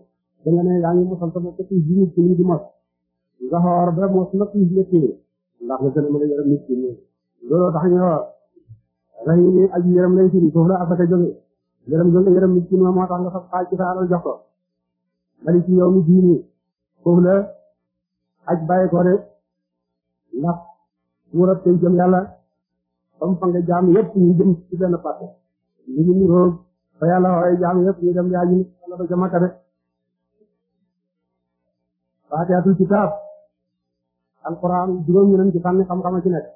da ne yaa ngi mosal sa bopp ci nit ki nii di mos nga xool ba mos nga tuuti nga téye ndax nga gën a mën a yërëm nit ki looloo tax ñu wax rëy mi aji yërëm lay firi foofu la asaka jóge yërëm jóge yërëm nit ki moom moo tax nga fas xaaj ci sa alal jox ko bali ci yow mi diini foofu la aj bàyyi ko de ndax wóorab tey jëm yàlla ba mu fa nga jaam yëpp ñu jëm ci benn pàcc li ñu niroog ba yàlla waaye jaam yëpp ñu dem yaa ñu ba ca Makka de faatihatul kitaab alxuraan juróom ñu leen ci fànn xam-xam ci nekk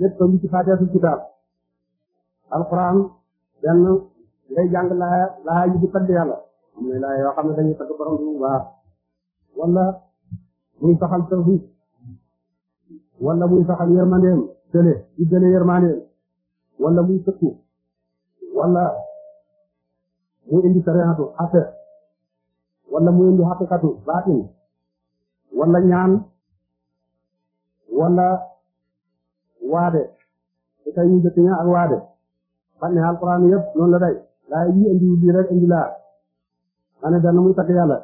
lépp lu ci faatihatul kitaab alxuraan benn ngay jàng laaya laaya yu di tagg yàlla am na laaya yoo xam ne dañuy tagg borom bi bu baax muy saxal tawhid wala muy saxal yërmandeem tële di tële yërmandeem wala muy sëkku wala muy indi sariatu xatte wala muy indi xaqiqatu baatin wala ñaan wala waade te tey ñu jëkk ña ak waade fànne alquran yëpp noonu la day daa yi indi lii rek indi laa ma dana muy takk yàlla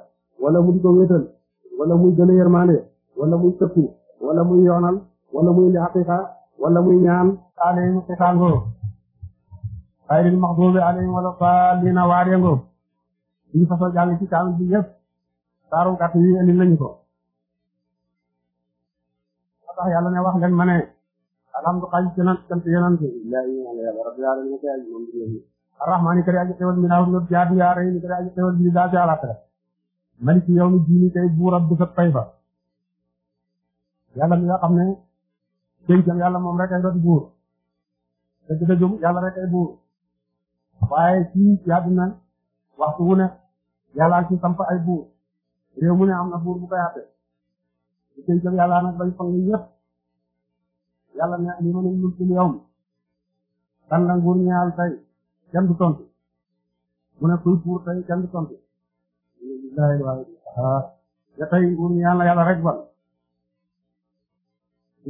wala mu di ko wéetal wala muy gën a yërmande wala muy tëkku wala muy yoonal wala muy indi xaqiqa wala muy ñaan alayhim xitaan go xayril maxdubi alayhim wala daalliin waade ngo ñu façon jàng ci kaam bi yëpp saaru gàtt yi indi nañu ko tax yàlla ne wax leen ma ne alhamdu xaj cënan cant yonent billahi yàlla rabbil alamin kay aji moom bi arrahmani kay aji xewal minaaw no jaat yaa rey ni kay aji xewal bi daa ci alaxira maliki yawmi diini kay buur ab bisab pay fa yàlla mi nga xam ne tencam yàlla moom rek ay doon buur te gisa jum yàlla rek ay buur waaye ci yàddina waxtu wu ne yàlla ci samp ay buur réew mu ne am na buur bu koy àtte di koy jëm yàlla nag bañ fang yëpp yàlla ne li ma ne mulkul yawm kan la nguur ñaal tey kenn du tontu mu ne kuy pour tey kenn du tontu ya tey nguur ñaal na yàlla rek bon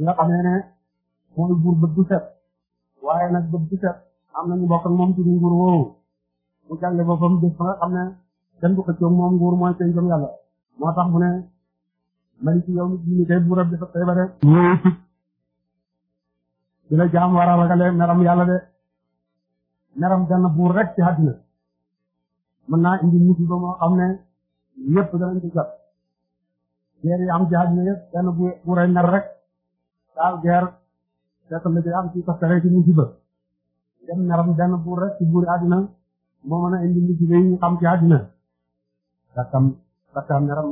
nga xamee ne mooy buur bët du waaye nag bët du set am nañu bokk ak moom ci nguur woowu mu jànge boppam bés ba nga xam ne kenn du xëccoo moom nguur mooy seen jëm mu ne maliki yow mi diini kay buurab dafa xeebare ñëw ci di la jaam war a ragale meram yàlla de meram gann buur rek ci àddina mën naa indi musiba moo xam ne ñëpp danañ ci jot geer yi am ci àddina yëpp gann buur ay mer rek daal geer fekk la ci am ci toftale ci musiba dem meram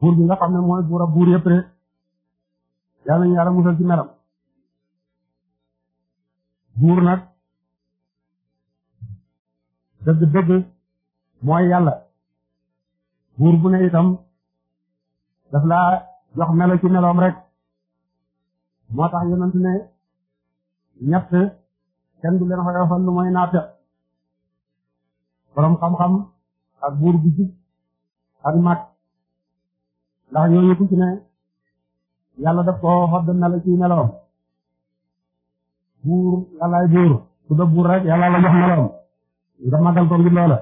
buur bi nga xam ne mooy buur ab buur yëpp de yàlla ñu yàlla musal ci meram buur nag dëgg dëgg mooy yàlla buur bu ne itam daf laa jox melo ci meloom rek moo tax yonent ne ñett kenn du leen xoyofal lu mooy naate borom xam-xam ak buur bu jub ak mag ndax ñooñu ku ci ne yàlla daf ko xodd na la ci meloom buur yàllaay buur ku da buur rek yàlla la jox meloom nga màggal ko ngir loola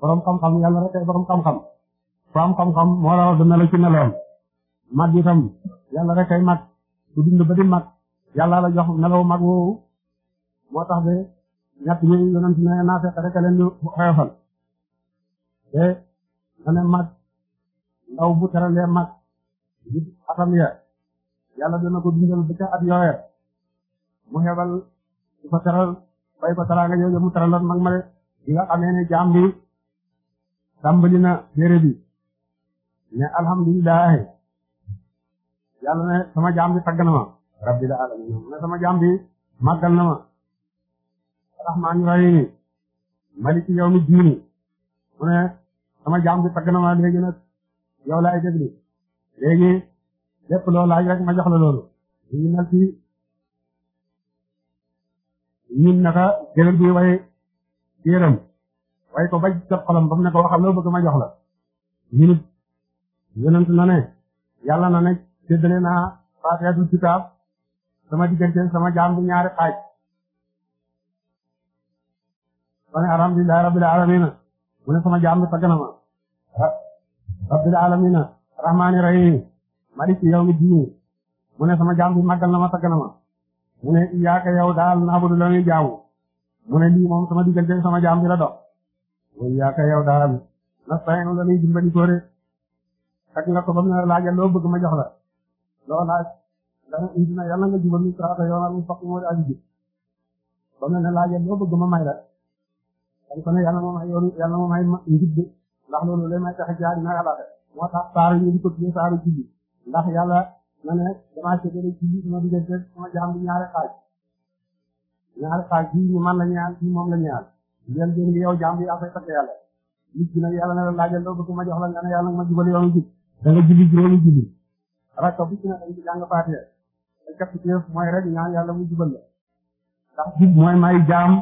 borom xam-xam yàlla rek ay borom xam-xam ku am xam-xam moo la xodd na la ci meloom mag itam yàlla rek ay mag ku dund ba di mag yàlla la jox melaw mag woowu moo tax de ñett ñi yonent ne naa fekk rek a leen di xeexal te ma ne mag ndaw bu teralee mag nit atam ya yàlla dana ko dundal ba ca at yooya mu xebal di ko teral bay ko teraanga yooyu ma de di ne jaam bi na téere ne alhamdulilah yàlla ne sama jaam bi tagg na ma rabbil alamin sama jaam bi màggal na ma rahmaani rahim maliki yawmi diini ne sama jaam bi tagg na ma yow laay déglu léegi lépp loo laaj rek ma jox la loolu ñu mel ci ñun naka gëlëm bi way yéram way ko baj sab xolam ba mu ne ko waxal loo bëgg ma jox la ñun yonent na ne yàlla na ne séddale naa faatihatul kitaab sama diggante sama jaam bu ñaari xaaj ba ne alhamdulillahi rabbil alamin mu ne sama jaam bi tagg na ma rabbil alamina rahmaani rahim maliki yawmi diin mu ne sama jaam bi ma tagg na ma mu ne iyaaka yow daal naabudu la ñuy jaamu mu ne lii moom sama diggante sama jaam bi do dox iyaaka yow daal nasta'iinu la ñuy dimbali ko rek tag nga ko ba mu ne laajal loo bëgg ma jox la loo laaj dana indi na yàlla nga jubal ñu traité yoonal mu fokk moo di aju ba mu ne laajal loo bëgg ma may la dañ ko ne ndax loolu lay may tax jaar na yàlla moo tax saar ñu di ko tuddee saaru julli ndax yàlla na ne damaa seetlu julli sama diggante sama jaam bi ñaari xaaj ñaari xaaj bii man la ñaan fii moom la ñaan yéen jën gi yow jaam bi yaa fay takk yàlla nit ki nag yàlla na la laajal loo bëgg ma jox la nga ne yàlla ma jubal yoonu jub da nga julli juróomi julli rakka bu ci ne dañ ci jàng faatiha ay capiteef mooy rek ñaan yàlla mu jubal la ndax jub mooy may jaam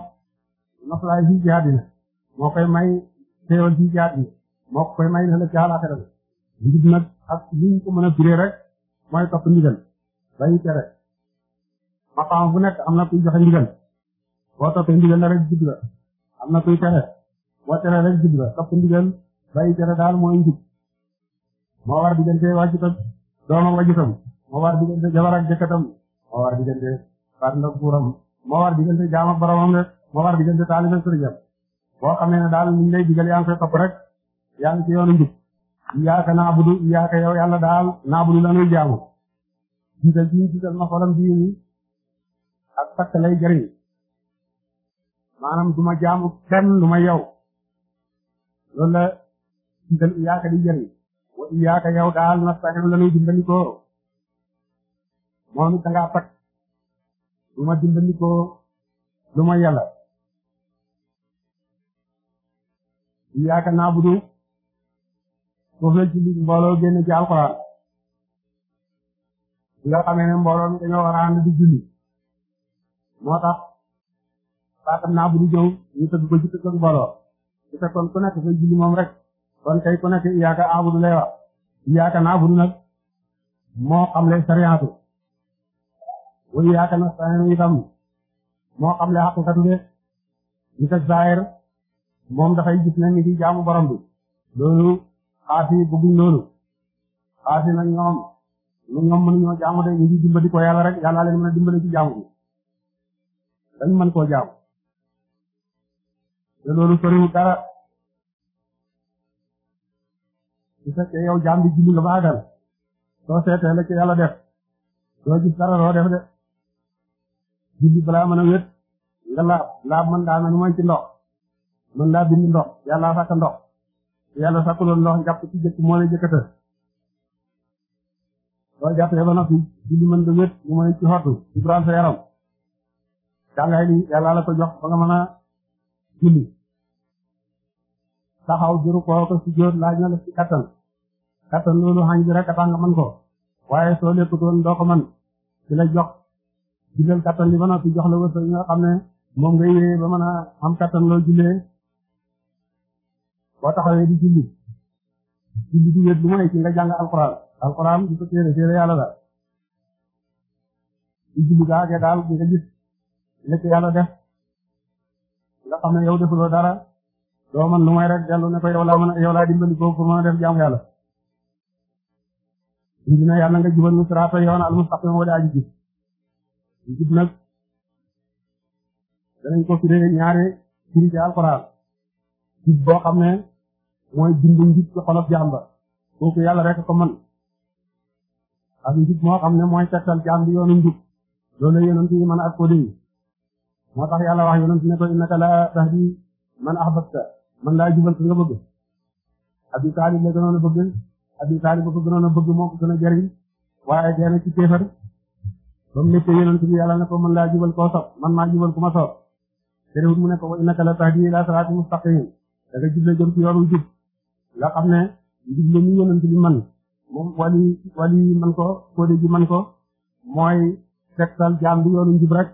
noflaay moo koy may teyoon ci jaat bi moo ko koy may ëllëg ci àllaaxira njub ak li ñu ko mën a firee rek mooy tere maqaam bu nekk am na kuy joxe ndigal boo toppee ndigal la rek jub la am na kuy tere boo tere rek jub la topp ndigal bayi tere daal mooy njub moo war diggante wàccutam doomam wàccutam moo war diggante jabar ak jëkkatam moo war diggante partnam buuram moo war diggante jaam ak boromam rek moo war diggante taalib boo xamee ne daal liñ lay digal yaa ngi koy topp rek yaa ngi ci yoonu njub yaaka naabudu yaaka yow yàlla daal naabudu lanuy jaamu ma ci jiital masalam diini ak takk lay jëriñ maanaam duma jaamu kenn lu ma yow loolu la jiital yaaka di jëriñ wa yaaka yow daal nastaxin lanuy dimbandikoo moom it da ngaa takk duma dimbandikoo lu ma yàlla iyyaka na'budu foofu la julli mbooloo génn ci alxuraan bi nga xamee ne mbooloo mi dañoo war a ànd di julli moo tax baatam na'budu jëw ñu tëgg ko ci tëgg ak mbooloo bu fekkoon ku nekk sa julli moom rek kon kay ku nekk iyyaka a'budu lay wax iyyaka na'budu nag moo xam le sariyaatu wa iyyaka nasta'iin itam moo xam le haqiqatu de ñu tëgg zaahir moom dafay gis na nit yi jaamu borom loolu xaasi bëgguñ loolu xaasi nag ñoom lu ñoom mënuñoo jaamu de ñu ngi dimbali ko yàlla rek yàlla leen mën a dimbali ci jaamu bi dañ mën koo jaamu te loolu soriwul yow jaam bi julli nga la ci yàlla de julli balaa mën a wét laab man daa mel ci ndox mën naa bind ndox yàlla sàkk ndox yàlla sàkkuloon ndox jàpp ci jëkk moo lay jëkkata boo jàppee ba noppi di mu mën ci xottu ci ko jox ba nga mën a julli juru koo ko si jóor laaj na la ci kattan kattan loolu xañ bi rek a tax nga mën ko waaye soo lekkutoon doo ko mën di la jox julleel kattan li ba noppi jox la wërsëg nga xam ne ba mën a am kattan loo boo taxawee di julli julli di wét lu mooy ci nga jàng alquran alquran di ko téere téere yàlla la di julli gaage daal di nga gis lekk yàlla def nga xam ne yow defuloo dara doo mën lu mooy rek dellu ne ko yow laa mën yow laa dimbali ko pour mën a def jaamu yàlla indi na yàlla nga jubal nu siraatal yoon al mustaqim wala aji gis di gis nag danañ ko firee ñaare firi ci alquran gis boo xam ne mooy bind njub ci xolof jaam ba kooku yàlla rek ko mën ak njub moo xam ne mooy tegtal jaam bi yoonu njub loolu yonent yi mën a ak ko di moo tax yàlla wax yonent ne ko innaka la tahdi man ahbabta man laa jubal ki nga bëgg abi taalib la gënoon a bëgg abi taalib ko gënoon a bëgg moo ko gën a jariñ waaye dee ci kéefar ba mu nekkee yonent bi yàlla ne ko man laa jubal koo sopp man maa jubal ku ma sopp te mu ne ko innaka la tahdi ila siraatin mustaqim da nga juble jëm ci yoonu jub nga man moom wali wali man ko kóode ji man ko mooy tegtal jaam bi yoonu jub rek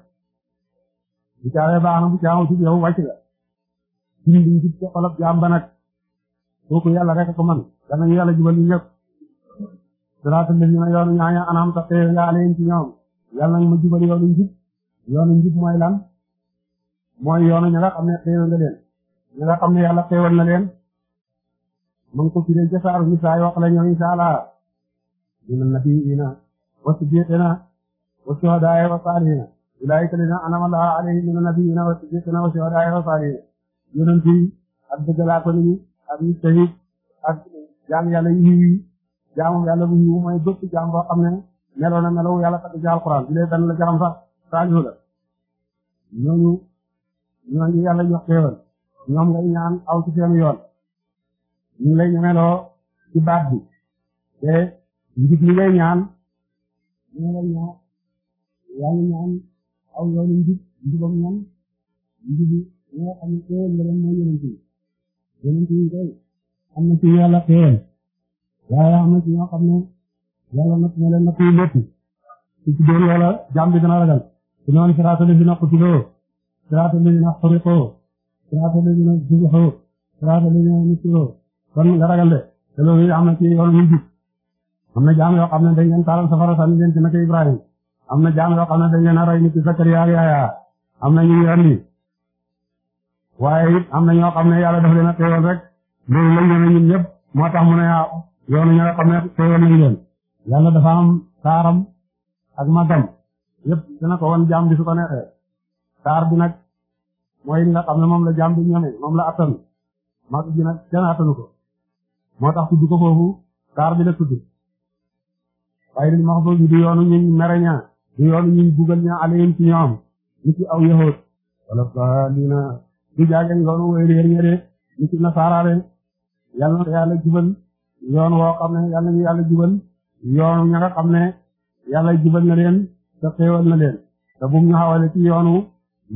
bu caawee baax na bu caaw jub yow wàcc nga dimbi jub ca xolab jaam ba rek ko man danañu yàlla jubal ñu ñëpp siraatal lazina yoonu ñaaña anam tax nga aleen nag ma jubal yoonu jub yoonu jub mooy lan mooy yoonu ne xéewa nga ñi nga xam ne yàlla xéewal na leen mën ko firee ca saaru Nisaa yi wax la ñoom inshaa Allah mina nabiyyiina wa siddiqiina wa shuhadaa wa saalihiina ulaa'ika allaziina an'ama Allaahu alayhim mina nabiyyiina wa siddiqiina wa shuhadaa wa saalihiina yonent yi ak dëggalaako ni ak ñi shahid ak jaam yàlla yi yiw yi jaamu yàlla bu yiw mooy bépp jaam boo xam ne meloo na melow yàlla kat ci alquran bi lee dan la jaam sax saalihu la ñooñu ñooñu yàlla jox xéewal ñoom ngay ñaan aw ci seen yoon ñu lay ñaanaloo ci baat bi te ndig mi ngay ñaan ñu lay ñaan yaa ngi ñaan aw yoonu ndig ndigam ñoom ndig ñi nga xam ne xéewal nga leen mooy yonent yi yonent yi kay am na ci yàlla xéewal waaye am na ci ñoo xam ne yàlla natt na leen natt yu métti su ci doon loola jàmm bi dana ragal su noonu siraatal lazina qutiluu siraatal lazina huriquu salaata la ñu naan suuf xaw salaata la ñu naan nit yoo kon nga ragal de te loolu am na ci yoon yu jub am na jaam yoo xam ne dañ leen taalal safara sànni leen ci naka Ibrahim am na jaam yoo xam ne dañ leen a rey nit ci Sakariya ak Yaaya am na ñu yandi waaye it am na ñoo xam ne yàlla daf leen a teewoon rek loolu lañ leen a ñun ñëpp moo tax mu ne ah, yoonu ñoo xam ne teewoon nañ leen yàlla dafa am taaram ak magam yëpp dina ko won jaam bi su ko neexee taar bi nag mooy li nga xam ne moom la jàmm bi ñamee moom la attanu mag ji nag kenn attanu ko moo tax tudd ko foofu kaar bi la tudd waaye li ma wax du yoonu ñu mere ña du yoonu ñu bugal ña alayhim ci ñoom ñu ci aw yahood wala saalina du jaage ngoonu way réer ña de ñu ci nasaara de yàlla na yàlla jubal yoon woo xam ne yàlla ñu jubal na leen te xéewal na leen te bu ñu xawale ci yoonu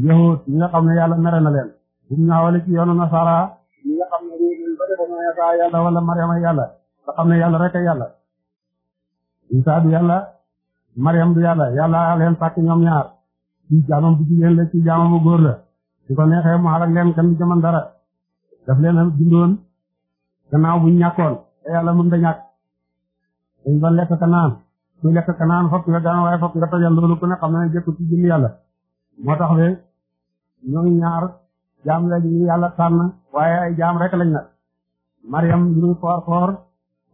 yahut ñi nga xam ne yàlla mere na leen bu ñaawale ci yoonu nasara ñi nga xam ne ñu bëri dañoo yaakaar yàlla wala Mariama yàlla nga xam ne yàlla rek a yàlla Isa du yàlla Mariam du yàlla yàlla leen sàkk ñoom ñaar ci jaamam bu jigéen la ci jaamam bu góor la su ko neexee mu xalak leen kenn jaman dara daf leen a bindoon gannaaw bu ñu ñàkkoon te yàlla mën da ñàkk dañ doon lekk ka naan kuy nga gaaw waaye fokk nga tojal loolu ku ne xam ne jëkku ci jëm yàlla moo tax ne ñoom ñaar jaam lañ ñu yàlla tànn waaye ay jaam rek lañ nag Mariam lu koor koor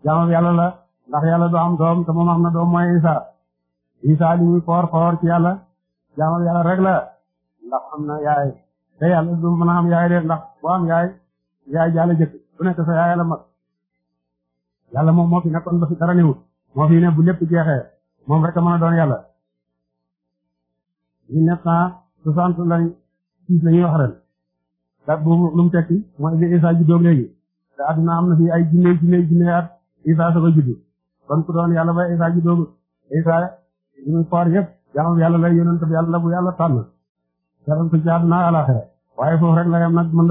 jaamam yàlla la ndax yàlla du am doom te moom am doom mooy Isa Isa li muy ci yàlla yàlla rek la ndax na yaay te yàlla du mën a am yaay de ndax boo am yaay yaay nekk sa yaay la mag yàlla moom moo fi nekkoon ba fi dara néew moo fi ne bu lépp jeexee moom rek a mën a doon yàlla mille neuf cent soixante lañ six la ñuy wax ren dat boobu lu mu tekki mooy bi Isa am na fi ay junne junne junne at Isa soog a juddu kon ku doon yàlla ba Isa juddoog Isa ñu koor yëpp jaamam yàlla lay yonent bi yàlla bu yàlla tànn jaram ko ci adduna la